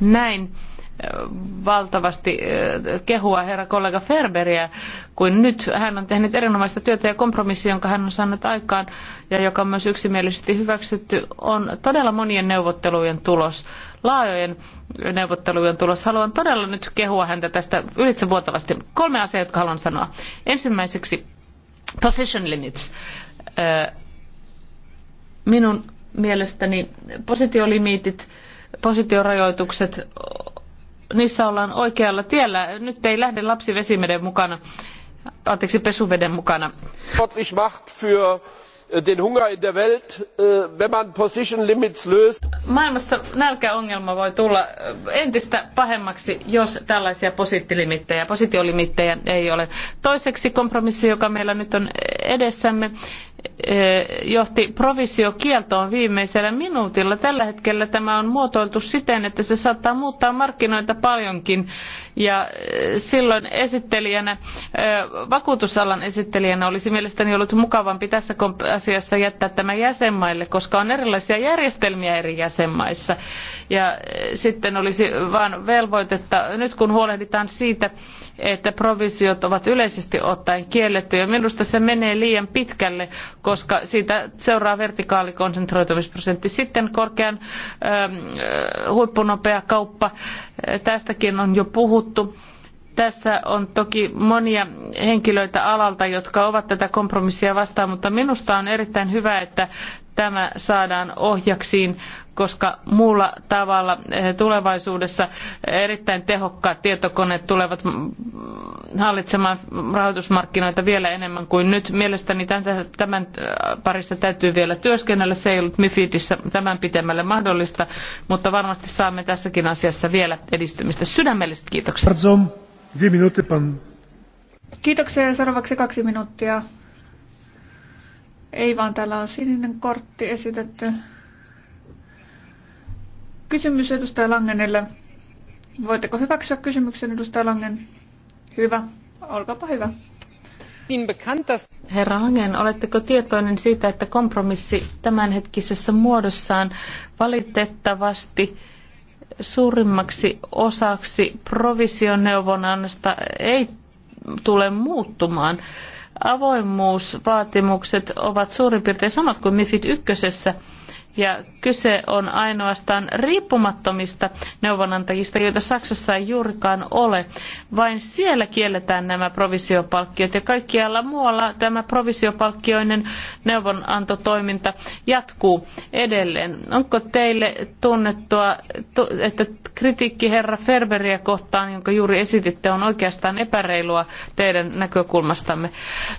näin äh, valtavasti äh, kehua herra kollega Ferberiä kuin nyt. Hän on tehnyt erinomaista työtä ja kompromissi, jonka hän on saanut aikaan ja joka on myös yksimielisesti hyväksytty, on todella monien neuvottelujen tulos laajojen neuvottelujen tulos. Haluan todella nyt kehua häntä tästä ylitsevuotavasti. Kolme asiaa, jotka haluan sanoa. Ensimmäiseksi position limits. Minun mielestäni positiolimiitit, positiorajoitukset, niissä ollaan oikealla tiellä. Nyt ei lähde lapsi vesimeden mukana, anteeksi pesuveden mukana. Macht für Äh, den Hunger in der Welt, äh, wenn man position limits löst. Maailmassa nälkäongelma voi tulla äh, entistä pahemmaksi, jos tällaisia posittilimittejä, positiolimittejä ei ole. Toiseksi kompromissi, joka meillä nyt on edessämme, johti provisiokieltoon viimeisellä minuutilla. Tällä hetkellä tämä on muotoiltu siten, että se saattaa muuttaa markkinoita paljonkin. Ja silloin esittelijänä, vakuutusalan esittelijänä olisi mielestäni ollut mukavampi tässä asiassa jättää tämä jäsenmaille, koska on erilaisia järjestelmiä eri jäsenmaissa. Ja sitten olisi vain velvoitetta, nyt kun huolehditaan siitä, että provisiot ovat yleisesti ottaen kiellettyjä. Minusta se menee liian pitkälle, koska siitä seuraa vertikaali konsentroitumisprosentti. Sitten korkean ähm, äh, huippunopea kauppa, äh, tästäkin on jo puhuttu. Tässä on toki monia henkilöitä alalta, jotka ovat tätä kompromissia vastaan, mutta minusta on erittäin hyvä, että tämä saadaan ohjaksiin koska muulla tavalla eh, tulevaisuudessa erittäin tehokkaat tietokoneet tulevat hallitsemaan rahoitusmarkkinoita vielä enemmän kuin nyt. Mielestäni tämän eh, parissa täytyy vielä työskennellä. Se ei ollut MIFIDissä tämän pitemmälle mahdollista, mutta varmasti saamme tässäkin asiassa vielä edistymistä. Sydämelliset kiitokset. Kiitoksia ja seuraavaksi kaksi minuuttia. Ei vaan täällä on sininen kortti esitetty. Kysymys edustaja Langenelle. Voitteko hyväksyä kysymyksen edustaja Langen? Hyvä. Olkaapa hyvä. Niin Herra Langen, oletteko tietoinen siitä, että kompromissi tämänhetkisessä muodossaan valitettavasti suurimmaksi osaksi provisioneuvonannosta ei tule muuttumaan? Avoimuusvaatimukset ovat suurin piirtein samat kuin MIFID ykkösessä ja kyse on ainoastaan riippumattomista neuvonantajista, joita Saksassa ei juurikaan ole. Vain siellä kielletään nämä provisiopalkkiot ja kaikkialla muualla tämä provisiopalkkioinen neuvonantotoiminta jatkuu edelleen. Onko teille tunnettua, että kritiikki herra Ferberiä kohtaan, jonka juuri esititte, on oikeastaan epäreilua teidän näkökulmastamme?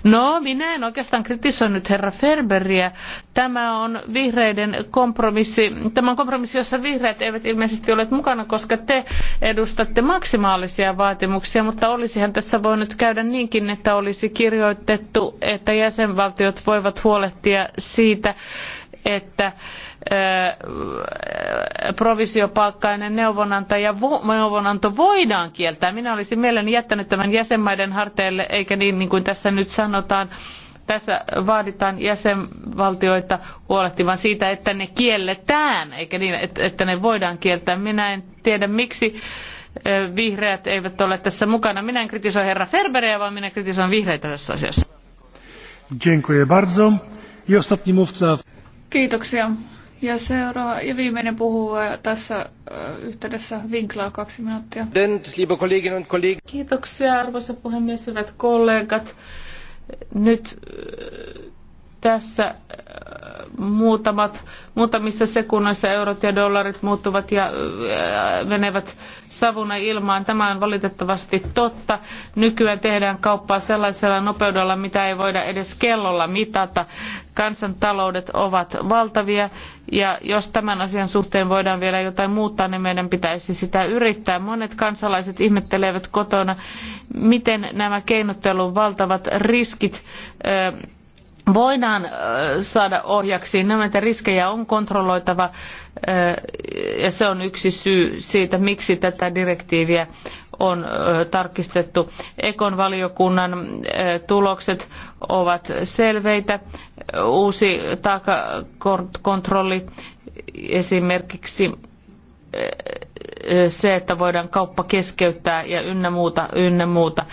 No, minä en oikeastaan kritisoinut herra Ferberiä. Tämä on vihreiden kompromissi. Tämä on kompromissi, jossa vihreät eivät ilmeisesti ole mukana, koska te edustatte maksimaalisia vaatimuksia, mutta olisihan tässä voinut käydä niinkin, että olisi kirjoitettu, että jäsenvaltiot voivat huolehtia siitä, että provisiopalkkainen neuvonantaja, neuvonanto voidaan kieltää. Minä olisin mielelläni jättänyt tämän jäsenmaiden harteille, eikä niin, niin kuin tässä nyt sanotaan, tässä vaaditaan jäsenvaltioita huolehtimaan siitä, että ne kielletään, eikä niin, että ne voidaan kieltää. Minä en tiedä, miksi vihreät eivät ole tässä mukana. Minä en kritisoi herra Ferberia, vaan minä kritisoin vihreitä tässä asiassa. Dziękuję bardzo. I ostatni mówca. Kiitoksia. Ja seuraava ja viimeinen puhuu tässä yhteydessä vinklaa kaksi minuuttia. Kiitoksia arvoisa puhemies, hyvät kollegat nyt tässä muutamat, muutamissa sekunnissa eurot ja dollarit muuttuvat ja äh, menevät savuna ilmaan. Tämä on valitettavasti totta. Nykyään tehdään kauppaa sellaisella nopeudella, mitä ei voida edes kellolla mitata. Kansantaloudet ovat valtavia ja jos tämän asian suhteen voidaan vielä jotain muuttaa, niin meidän pitäisi sitä yrittää. Monet kansalaiset ihmettelevät kotona, miten nämä keinottelun valtavat riskit äh, voidaan saada ohjaksi. Näitä riskejä on kontrolloitava ja se on yksi syy siitä, miksi tätä direktiiviä on tarkistettu. Ekon valiokunnan tulokset ovat selveitä. Uusi taakakontrolli esimerkiksi se, että voidaan kauppa keskeyttää ja ynnä muuta, ynnä muuta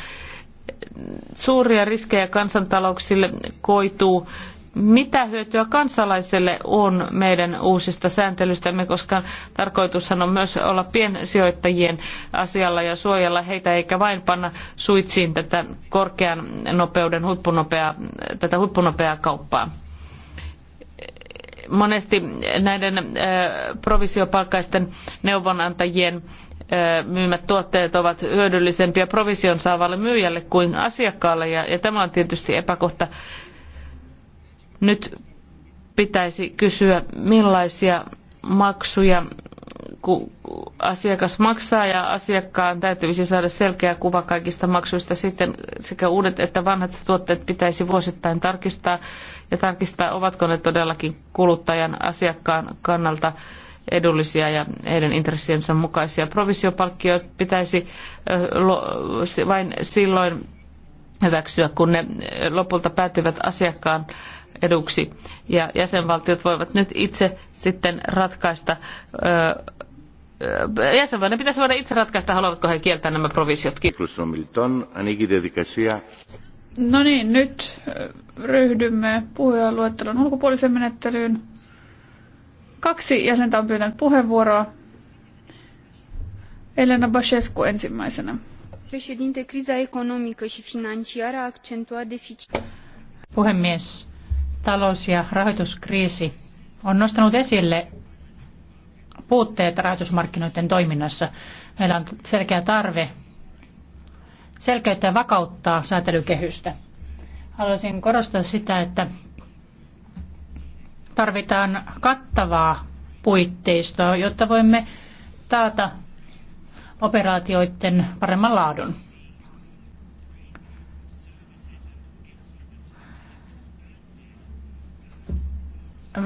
suuria riskejä kansantalouksille koituu. Mitä hyötyä kansalaiselle on meidän uusista sääntelystämme, koska tarkoitushan on myös olla piensijoittajien asialla ja suojella heitä, eikä vain panna suitsiin tätä korkean nopeuden huippunopeaa, tätä huippunopeaa kauppaa monesti näiden eh, provisiopalkkaisten neuvonantajien myymät tuotteet ovat hyödyllisempiä provision saavalle myyjälle kuin asiakkaalle, ja, ja tämä on tietysti epäkohta. Nyt pitäisi kysyä, millaisia maksuja kun asiakas maksaa ja asiakkaan täytyisi saada selkeä kuva kaikista maksuista. Sitten sekä uudet että vanhat tuotteet pitäisi vuosittain tarkistaa ja tarkistaa, ovatko ne todellakin kuluttajan asiakkaan kannalta edullisia ja heidän intressiensä mukaisia. Provisiopalkkiot pitäisi vain silloin hyväksyä, kun ne lopulta päätyvät asiakkaan eduksi. Ja jäsenvaltiot voivat nyt itse sitten ratkaista, jäsenvaltiot. pitäisi voida itse ratkaista, haluavatko he kieltää nämä provisiotkin. No niin, nyt ryhdymme puheenluettelon ulkopuoliseen menettelyyn. Kaksi jäsentä on pyytänyt puheenvuoroa. Elena Basescu ensimmäisenä. Președinte, criza economică și financiară a accentuat deficit. Puhemies, talous- ja rahoituskriisi on nostanut esille puutteet rahoitusmarkkinoiden toiminnassa. Meillä on selkeä tarve selkeyttää ja vakauttaa säätelykehystä. Haluaisin korostaa sitä, että tarvitaan kattavaa puitteistoa, jotta voimme taata operaatioiden paremman laadun.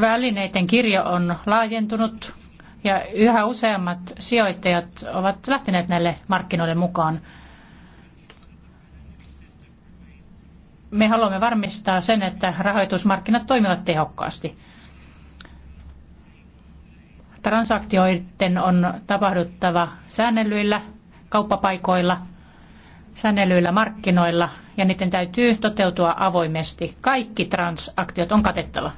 Välineiden kirjo on laajentunut ja yhä useammat sijoittajat ovat lähteneet näille markkinoille mukaan. Me haluamme varmistaa sen, että rahoitusmarkkinat toimivat tehokkaasti. Transaktioiden on tapahduttava säännellyillä kauppapaikoilla, säännellyillä markkinoilla ja niiden täytyy toteutua avoimesti. Kaikki transaktiot on katettava.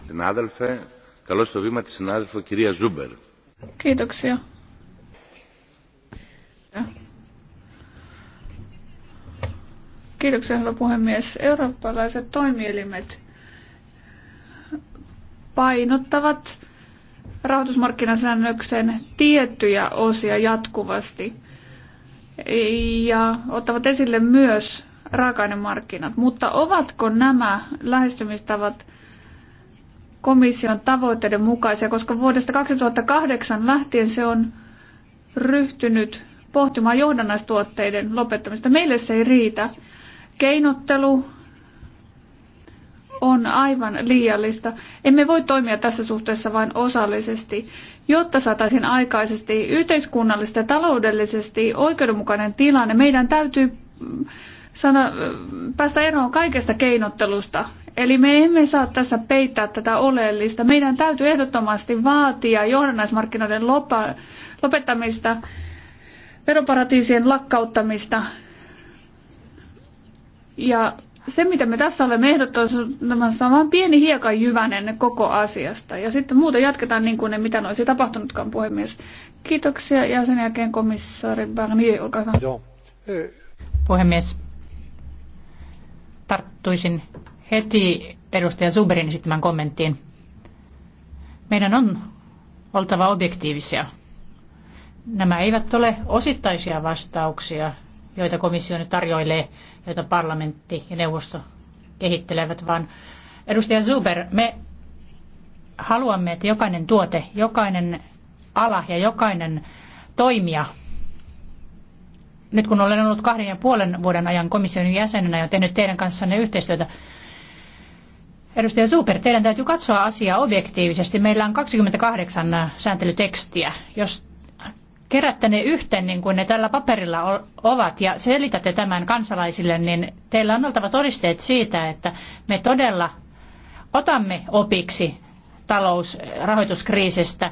Kiitoksia. Kiitoksia, hyvä puhemies. Eurooppalaiset toimielimet painottavat rahoitusmarkkinasäännöksen tiettyjä osia jatkuvasti ja ottavat esille myös raaka-ainemarkkinat. Mutta ovatko nämä lähestymistavat komission tavoitteiden mukaisia, koska vuodesta 2008 lähtien se on ryhtynyt pohtimaan johdannaistuotteiden lopettamista. Meille se ei riitä. Keinottelu, on aivan liiallista. Emme voi toimia tässä suhteessa vain osallisesti. Jotta saataisiin aikaisesti yhteiskunnallisesti ja taloudellisesti oikeudenmukainen tilanne, meidän täytyy mm, sana, mm, päästä eroon kaikesta keinottelusta. Eli me emme saa tässä peittää tätä oleellista. Meidän täytyy ehdottomasti vaatia johdannaismarkkinoiden lopa, lopettamista, veroparatiisien lakkauttamista ja se, mitä me tässä olemme ehdottomassa, on vain pieni hiekan jyvänen koko asiasta. Ja sitten muuta jatketaan niin kuin ne mitä olisi tapahtunutkaan, puhemies. Kiitoksia. Ja sen jälkeen komissaari Barnier, olkaa hyvä. Joo. Puhemies, tarttuisin heti edustaja Zuberin esittämään kommenttiin. Meidän on oltava objektiivisia. Nämä eivät ole osittaisia vastauksia joita komissio nyt tarjoilee, joita parlamentti ja neuvosto kehittelevät, vaan edustaja Zuber, me haluamme, että jokainen tuote, jokainen ala ja jokainen toimija, nyt kun olen ollut kahden ja puolen vuoden ajan komission jäsenenä ja tehnyt teidän kanssanne yhteistyötä, Edustaja Zuber, teidän täytyy katsoa asiaa objektiivisesti. Meillä on 28 sääntelytekstiä. Jos kerätte ne yhteen niin kuin ne tällä paperilla ovat ja selitätte tämän kansalaisille, niin teillä on oltava todisteet siitä, että me todella otamme opiksi talousrahoituskriisistä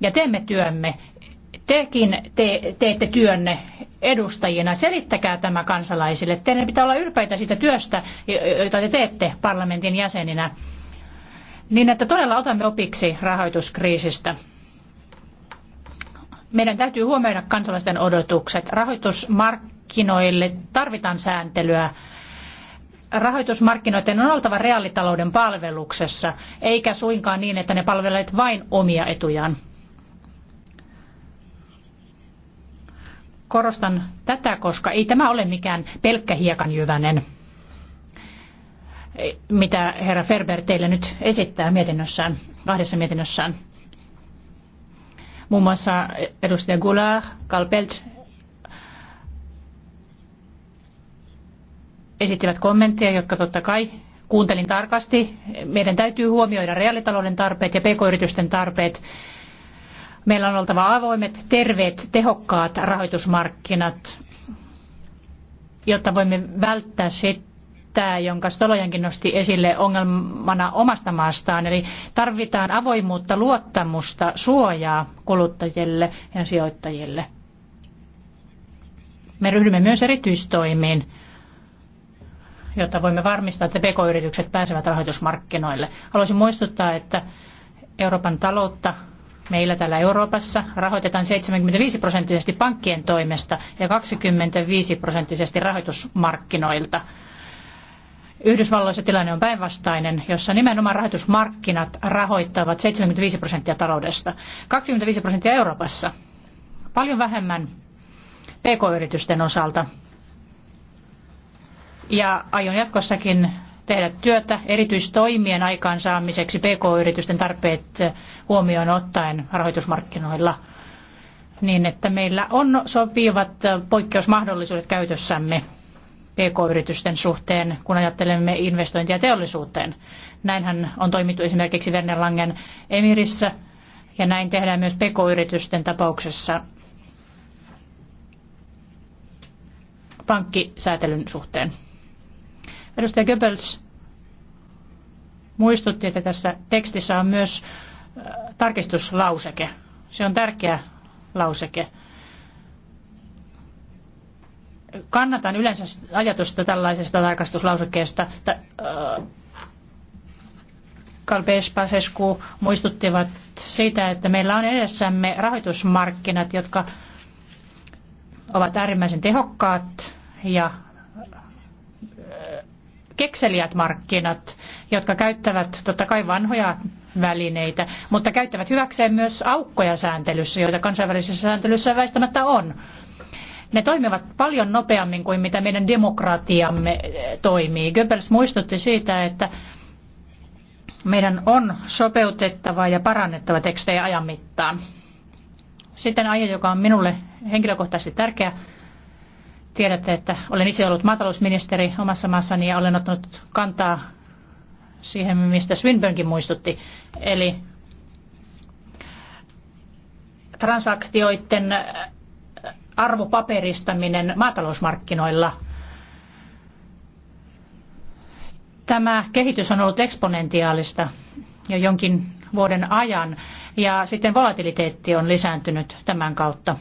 ja teemme työmme. Tekin te, teette työnne edustajina. Selittäkää tämä kansalaisille. Teidän pitää olla ylpeitä siitä työstä, jota te teette parlamentin jäseninä, niin että todella otamme opiksi rahoituskriisistä meidän täytyy huomioida kansalaisten odotukset. Rahoitusmarkkinoille tarvitaan sääntelyä. Rahoitusmarkkinoiden on oltava reaalitalouden palveluksessa, eikä suinkaan niin, että ne palvelevat vain omia etujaan. Korostan tätä, koska ei tämä ole mikään pelkkä hiekanjyvänen, mitä herra Ferber teille nyt esittää mietinnössään, kahdessa mietinnössään. Muun muassa edustaja Goulart, Karl Peltz esittivät kommentteja, jotka totta kai kuuntelin tarkasti. Meidän täytyy huomioida reaalitalouden tarpeet ja pk-yritysten tarpeet. Meillä on oltava avoimet, terveet, tehokkaat rahoitusmarkkinat, jotta voimme välttää sitten tämä, jonka Stolojankin nosti esille ongelmana omasta maastaan. Eli tarvitaan avoimuutta, luottamusta, suojaa kuluttajille ja sijoittajille. Me ryhdymme myös erityistoimiin, jotta voimme varmistaa, että pk-yritykset pääsevät rahoitusmarkkinoille. Haluaisin muistuttaa, että Euroopan taloutta meillä täällä Euroopassa rahoitetaan 75 prosenttisesti pankkien toimesta ja 25 prosenttisesti rahoitusmarkkinoilta. Yhdysvalloissa tilanne on päinvastainen, jossa nimenomaan rahoitusmarkkinat rahoittavat 75 prosenttia taloudesta, 25 prosenttia Euroopassa, paljon vähemmän pk-yritysten osalta. Ja aion jatkossakin tehdä työtä erityistoimien aikaansaamiseksi pk-yritysten tarpeet huomioon ottaen rahoitusmarkkinoilla niin, että meillä on sopivat poikkeusmahdollisuudet käytössämme PK-yritysten suhteen, kun ajattelemme investointia teollisuuteen. Näinhän on toimittu esimerkiksi Werner Langen Emirissä ja näin tehdään myös PK-yritysten tapauksessa pankkisäätelyn suhteen. Edustaja Goebbels muistutti, että tässä tekstissä on myös äh, tarkistuslauseke. Se on tärkeä lauseke kannatan yleensä ajatusta tällaisesta tarkastuslausekkeesta. Kalpees Pasescu muistuttivat siitä, että meillä on edessämme rahoitusmarkkinat, jotka ovat äärimmäisen tehokkaat ja kekseliät markkinat, jotka käyttävät totta kai vanhoja välineitä, mutta käyttävät hyväkseen myös aukkoja sääntelyssä, joita kansainvälisessä sääntelyssä väistämättä on. Ne toimivat paljon nopeammin kuin mitä meidän demokratiamme eh, toimii. Goebbels muistutti siitä, että meidän on sopeutettava ja parannettava tekstejä ajan mittaan. Sitten aihe, joka on minulle henkilökohtaisesti tärkeä. Tiedätte, että olen itse ollut maatalousministeri omassa maassani ja olen ottanut kantaa siihen, mistä Swinburnekin muistutti. Eli transaktioiden arvopaperistaminen maatalousmarkkinoilla. Tämä kehitys on ollut eksponentiaalista jo jonkin vuoden ajan ja sitten volatiliteetti on lisääntynyt tämän kautta.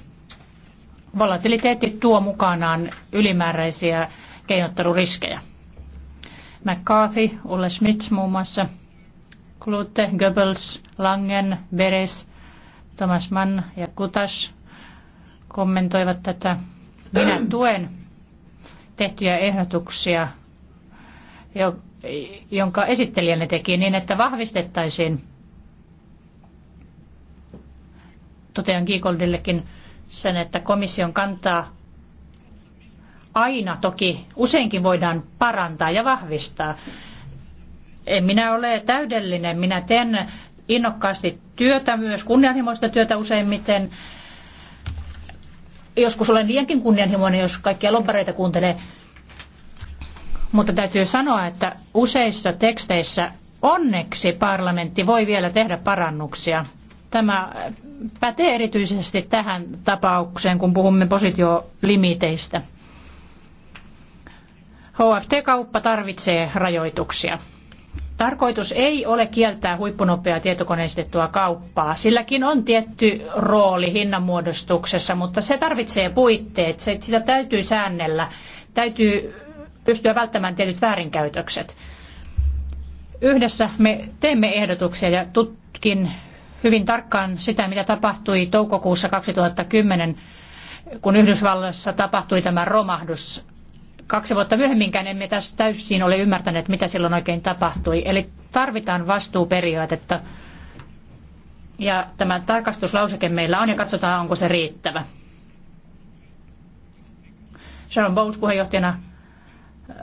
Volatiliteetti tuo mukanaan ylimääräisiä keinotteluriskejä. McCarthy, Ulle Schmitz muun muassa, Klute, Goebbels, Langen, Beres, Thomas Mann ja Kutas kommentoivat tätä. Minä tuen tehtyjä ehdotuksia, jonka esittelijänne teki, niin että vahvistettaisiin totean Kiikoldillekin sen, että komission kantaa aina toki useinkin voidaan parantaa ja vahvistaa. En minä ole täydellinen, minä teen innokkaasti työtä, myös kunnianhimoista työtä useimmiten, joskus olen liiankin kunnianhimoinen, jos kaikkia lobbareita kuuntelee. Mutta täytyy sanoa, että useissa teksteissä onneksi parlamentti voi vielä tehdä parannuksia. Tämä pätee erityisesti tähän tapaukseen, kun puhumme positiolimiteistä. HFT-kauppa tarvitsee rajoituksia. Tarkoitus ei ole kieltää huippunopeaa tietokoneistettua kauppaa. Silläkin on tietty rooli hinnanmuodostuksessa, mutta se tarvitsee puitteet. Se, sitä täytyy säännellä. Täytyy pystyä välttämään tietyt väärinkäytökset. Yhdessä me teemme ehdotuksia ja tutkin hyvin tarkkaan sitä, mitä tapahtui toukokuussa 2010, kun Yhdysvalloissa tapahtui tämä romahdus kaksi vuotta myöhemminkään emme tässä täysin ole ymmärtäneet, mitä silloin oikein tapahtui. Eli tarvitaan vastuuperiaatetta. Ja tämä tarkastuslauseke meillä on ja katsotaan, onko se riittävä. Sharon Bowles puheenjohtajana äh,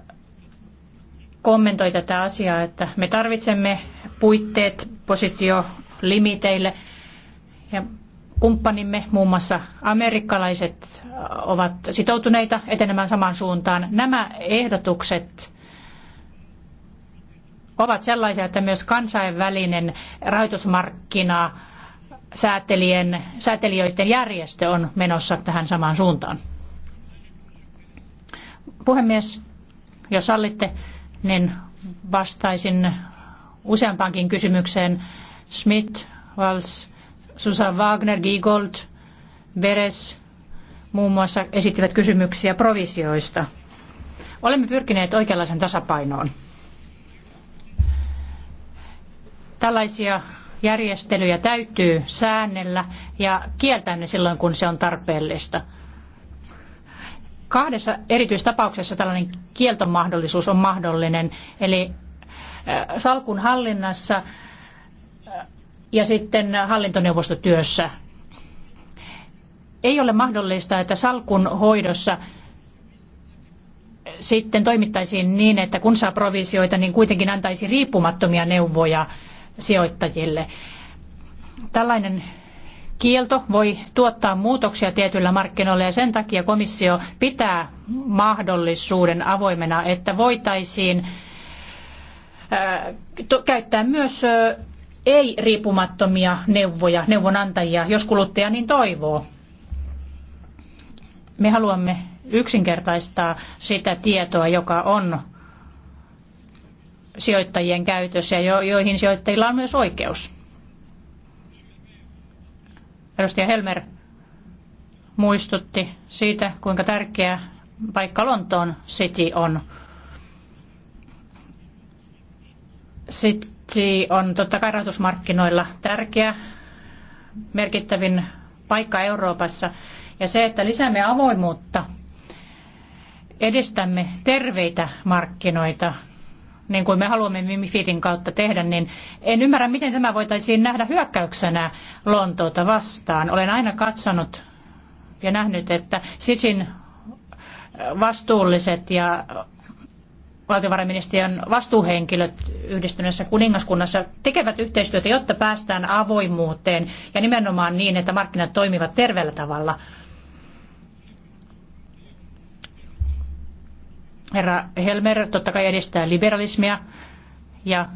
kommentoi tätä asiaa, että me tarvitsemme puitteet positiolimiteille ja kumppanimme, muun muassa amerikkalaiset, äh, ovat sitoutuneita etenemään samaan suuntaan. Nämä ehdotukset ovat sellaisia, että myös kansainvälinen rahoitusmarkkina säätelijän, säätelijöiden järjestö on menossa tähän samaan suuntaan. Puhemies, jos sallitte, niin vastaisin useampaankin kysymykseen. Smith, Wells. Susan Wagner, Giegold, Beres muun muassa esittivät kysymyksiä provisioista. Olemme pyrkineet oikeanlaisen tasapainoon. Tällaisia järjestelyjä täytyy säännellä ja kieltää ne silloin, kun se on tarpeellista. Kahdessa erityistapauksessa tällainen kieltomahdollisuus on mahdollinen, eli salkun hallinnassa ja sitten hallintoneuvostotyössä. Ei ole mahdollista, että salkun hoidossa sitten toimittaisiin niin, että kun saa provisioita, niin kuitenkin antaisi riippumattomia neuvoja sijoittajille. Tällainen kielto voi tuottaa muutoksia tietyillä markkinoilla ja sen takia komissio pitää mahdollisuuden avoimena, että voitaisiin käyttää myös ei riippumattomia neuvoja, neuvonantajia, jos kuluttaja niin toivoo. Me haluamme yksinkertaistaa sitä tietoa, joka on sijoittajien käytössä ja jo- joihin sijoittajilla on myös oikeus. Edustaja Helmer muistutti siitä, kuinka tärkeä paikka Lontoon City on Sitsi on totta kai rahoitusmarkkinoilla tärkeä, merkittävin paikka Euroopassa. Ja se, että lisäämme avoimuutta, edistämme terveitä markkinoita, niin kuin me haluamme Mimifidin kautta tehdä, niin en ymmärrä, miten tämä voitaisiin nähdä hyökkäyksenä Lontoota vastaan. Olen aina katsonut ja nähnyt, että Sitsin vastuulliset ja valtiovarainministeriön vastuuhenkilöt yhdistyneessä kuningaskunnassa tekevät yhteistyötä, jotta päästään avoimuuteen ja nimenomaan niin, että markkinat toimivat terveellä tavalla. Herra Helmer totta kai edistää liberalismia ja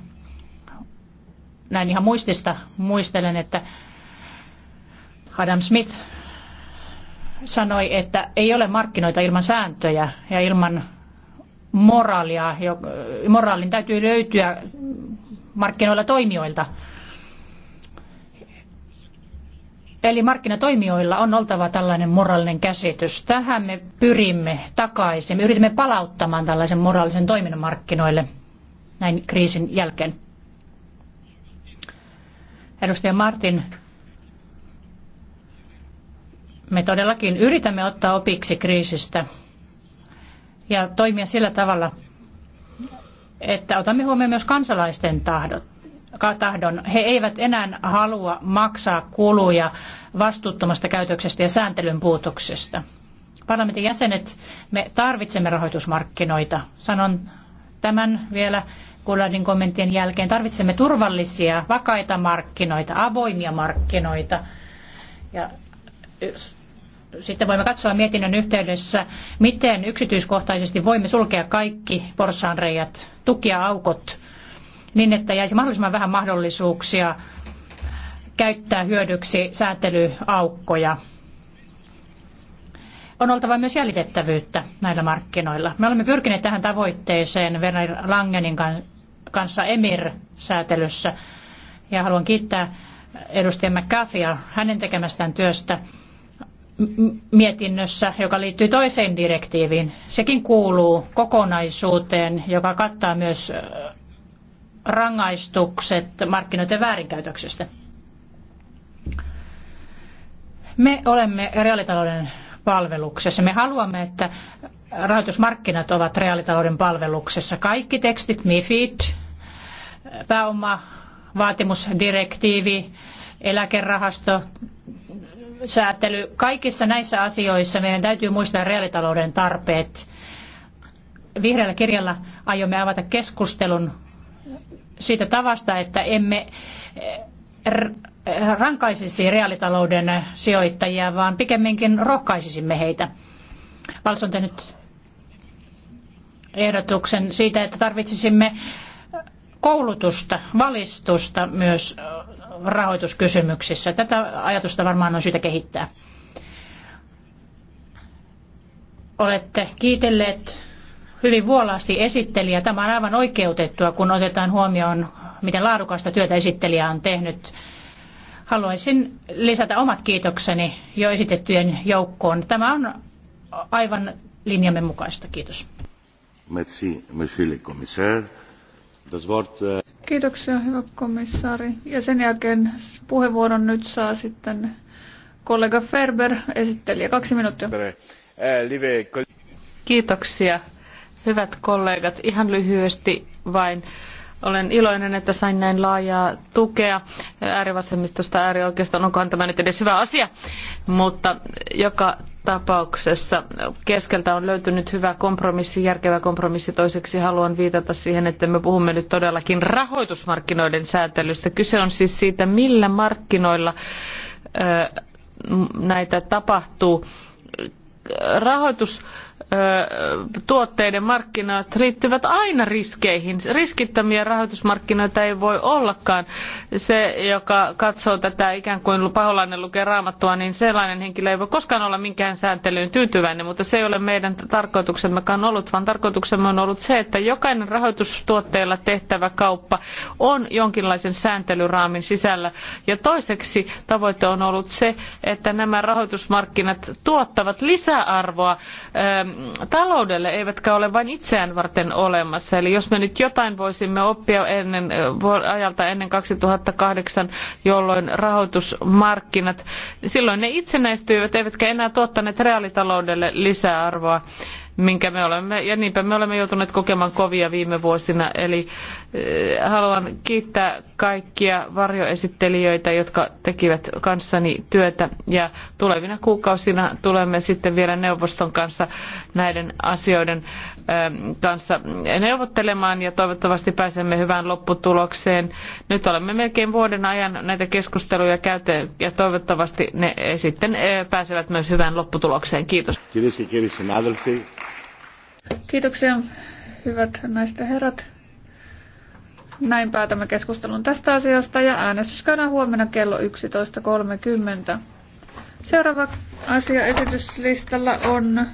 näin ihan muistista muistelen, että Adam Smith sanoi, että ei ole markkinoita ilman sääntöjä ja ilman moraalia, moraalin täytyy löytyä markkinoilla toimijoilta. Eli markkinatoimijoilla on oltava tällainen moraalinen käsitys. Tähän me pyrimme takaisin. Me yritämme palauttamaan tällaisen moraalisen toiminnan markkinoille näin kriisin jälkeen. Edustaja Martin, me todellakin yritämme ottaa opiksi kriisistä ja toimia sillä tavalla, että otamme huomioon myös kansalaisten tahdot, tahdon. He eivät enää halua maksaa kuluja vastuuttomasta käytöksestä ja sääntelyn puutoksesta. Parlamentin jäsenet, me tarvitsemme rahoitusmarkkinoita. Sanon tämän vielä Kulladin kommenttien jälkeen. Tarvitsemme turvallisia, vakaita markkinoita, avoimia markkinoita. Ja sitten voimme katsoa mietinnön yhteydessä, miten yksityiskohtaisesti voimme sulkea kaikki porsaanreijät, tukia aukot, niin että jäisi mahdollisimman vähän mahdollisuuksia käyttää hyödyksi sääntelyaukkoja. On oltava myös jäljitettävyyttä näillä markkinoilla. Me olemme pyrkineet tähän tavoitteeseen Werner Langenin kanssa EMIR-säätelyssä. Ja haluan kiittää edustaja McCarthyä hänen tekemästään työstä mietinnössä, joka liittyy toiseen direktiiviin. Sekin kuuluu kokonaisuuteen, joka kattaa myös rangaistukset markkinoiden väärinkäytöksestä. Me olemme reaalitalouden palveluksessa. Me haluamme, että rahoitusmarkkinat ovat reaalitalouden palveluksessa. Kaikki tekstit, MIFID, pääoma, vaatimusdirektiivi, eläkerahasto, säätely. Kaikissa näissä asioissa meidän täytyy muistaa reaalitalouden tarpeet. Vihreällä kirjalla aiomme avata keskustelun siitä tavasta, että emme eh, eh, rankaisisi reaalitalouden sijoittajia, vaan pikemminkin rohkaisisimme heitä. Vals on tehnyt ehdotuksen siitä, että tarvitsisimme koulutusta, valistusta myös rahoituskysymyksissä. Tätä ajatusta varmaan on syytä kehittää. Olette kiitelleet hyvin vuolaasti esittelijä. Tämä on aivan oikeutettua, kun otetaan huomioon, miten laadukasta työtä esittelijä on tehnyt. Haluaisin lisätä omat kiitokseni jo esitettyjen joukkoon. Tämä on aivan linjamme mukaista. Kiitos. Merci, monsieur le commissaire. Äh, Kiitoksia, hyvä komissaari. Ja sen jälkeen puheenvuoron nyt saa sitten kollega Ferber, esittelijä. Kaksi minuuttia. Äh, Kiitoksia, hyvät kollegat. Ihan lyhyesti vain. Olen iloinen, että sain näin laajaa tukea äärivasemmistosta äärioikeistoon. Onkohan tämä nyt edes hyvä asia? Mutta joka tapauksessa keskeltä on löytynyt hyvä kompromissi, järkevä kompromissi. Toiseksi haluan viitata siihen, että me puhumme nyt todellakin rahoitusmarkkinoiden säätelystä. Kyse on siis siitä, millä markkinoilla näitä tapahtuu. Rahoitus tuotteiden markkinat liittyvät aina riskeihin. Riskittömiä rahoitusmarkkinoita ei voi ollakaan. Se, joka katsoo tätä ikään kuin paholainen lukee raamattua, niin sellainen henkilö ei voi koskaan olla minkään sääntelyyn tyytyväinen, mutta se ei ole meidän tarkoituksemmekaan ollut, vaan tarkoituksemme on ollut se, että jokainen rahoitustuotteella tehtävä kauppa on jonkinlaisen sääntelyraamin sisällä. Ja toiseksi tavoite on ollut se, että nämä rahoitusmarkkinat tuottavat lisäarvoa taloudelle, eivätkä ole vain itseään varten olemassa. Eli jos me nyt jotain voisimme oppia ennen, ajalta ennen 2008, jolloin rahoitusmarkkinat, silloin ne itsenäistyivät, eivätkä enää tuottaneet reaalitaloudelle lisäarvoa minkä me olemme, ja niinpä me olemme joutuneet kokemaan kovia viime vuosina. Eli äh, haluan kiittää kaikkia varjoesittelijöitä, jotka tekivät kanssani työtä, ja tulevina kuukausina tulemme sitten vielä neuvoston kanssa näiden asioiden Ähm, kanssa neuvottelemaan ja toivottavasti pääsemme hyvään lopputulokseen. Nyt olemme melkein vuoden ajan näitä keskusteluja käyty ja toivottavasti ne eh, sitten eh, pääsevät myös hyvään lopputulokseen. Kiitos. Kiitoksia hyvät naiset ja herrat. Näin päätämme keskustelun tästä asiasta ja äänestys käydään huomenna kello 11.30. Seuraava asia esityslistalla on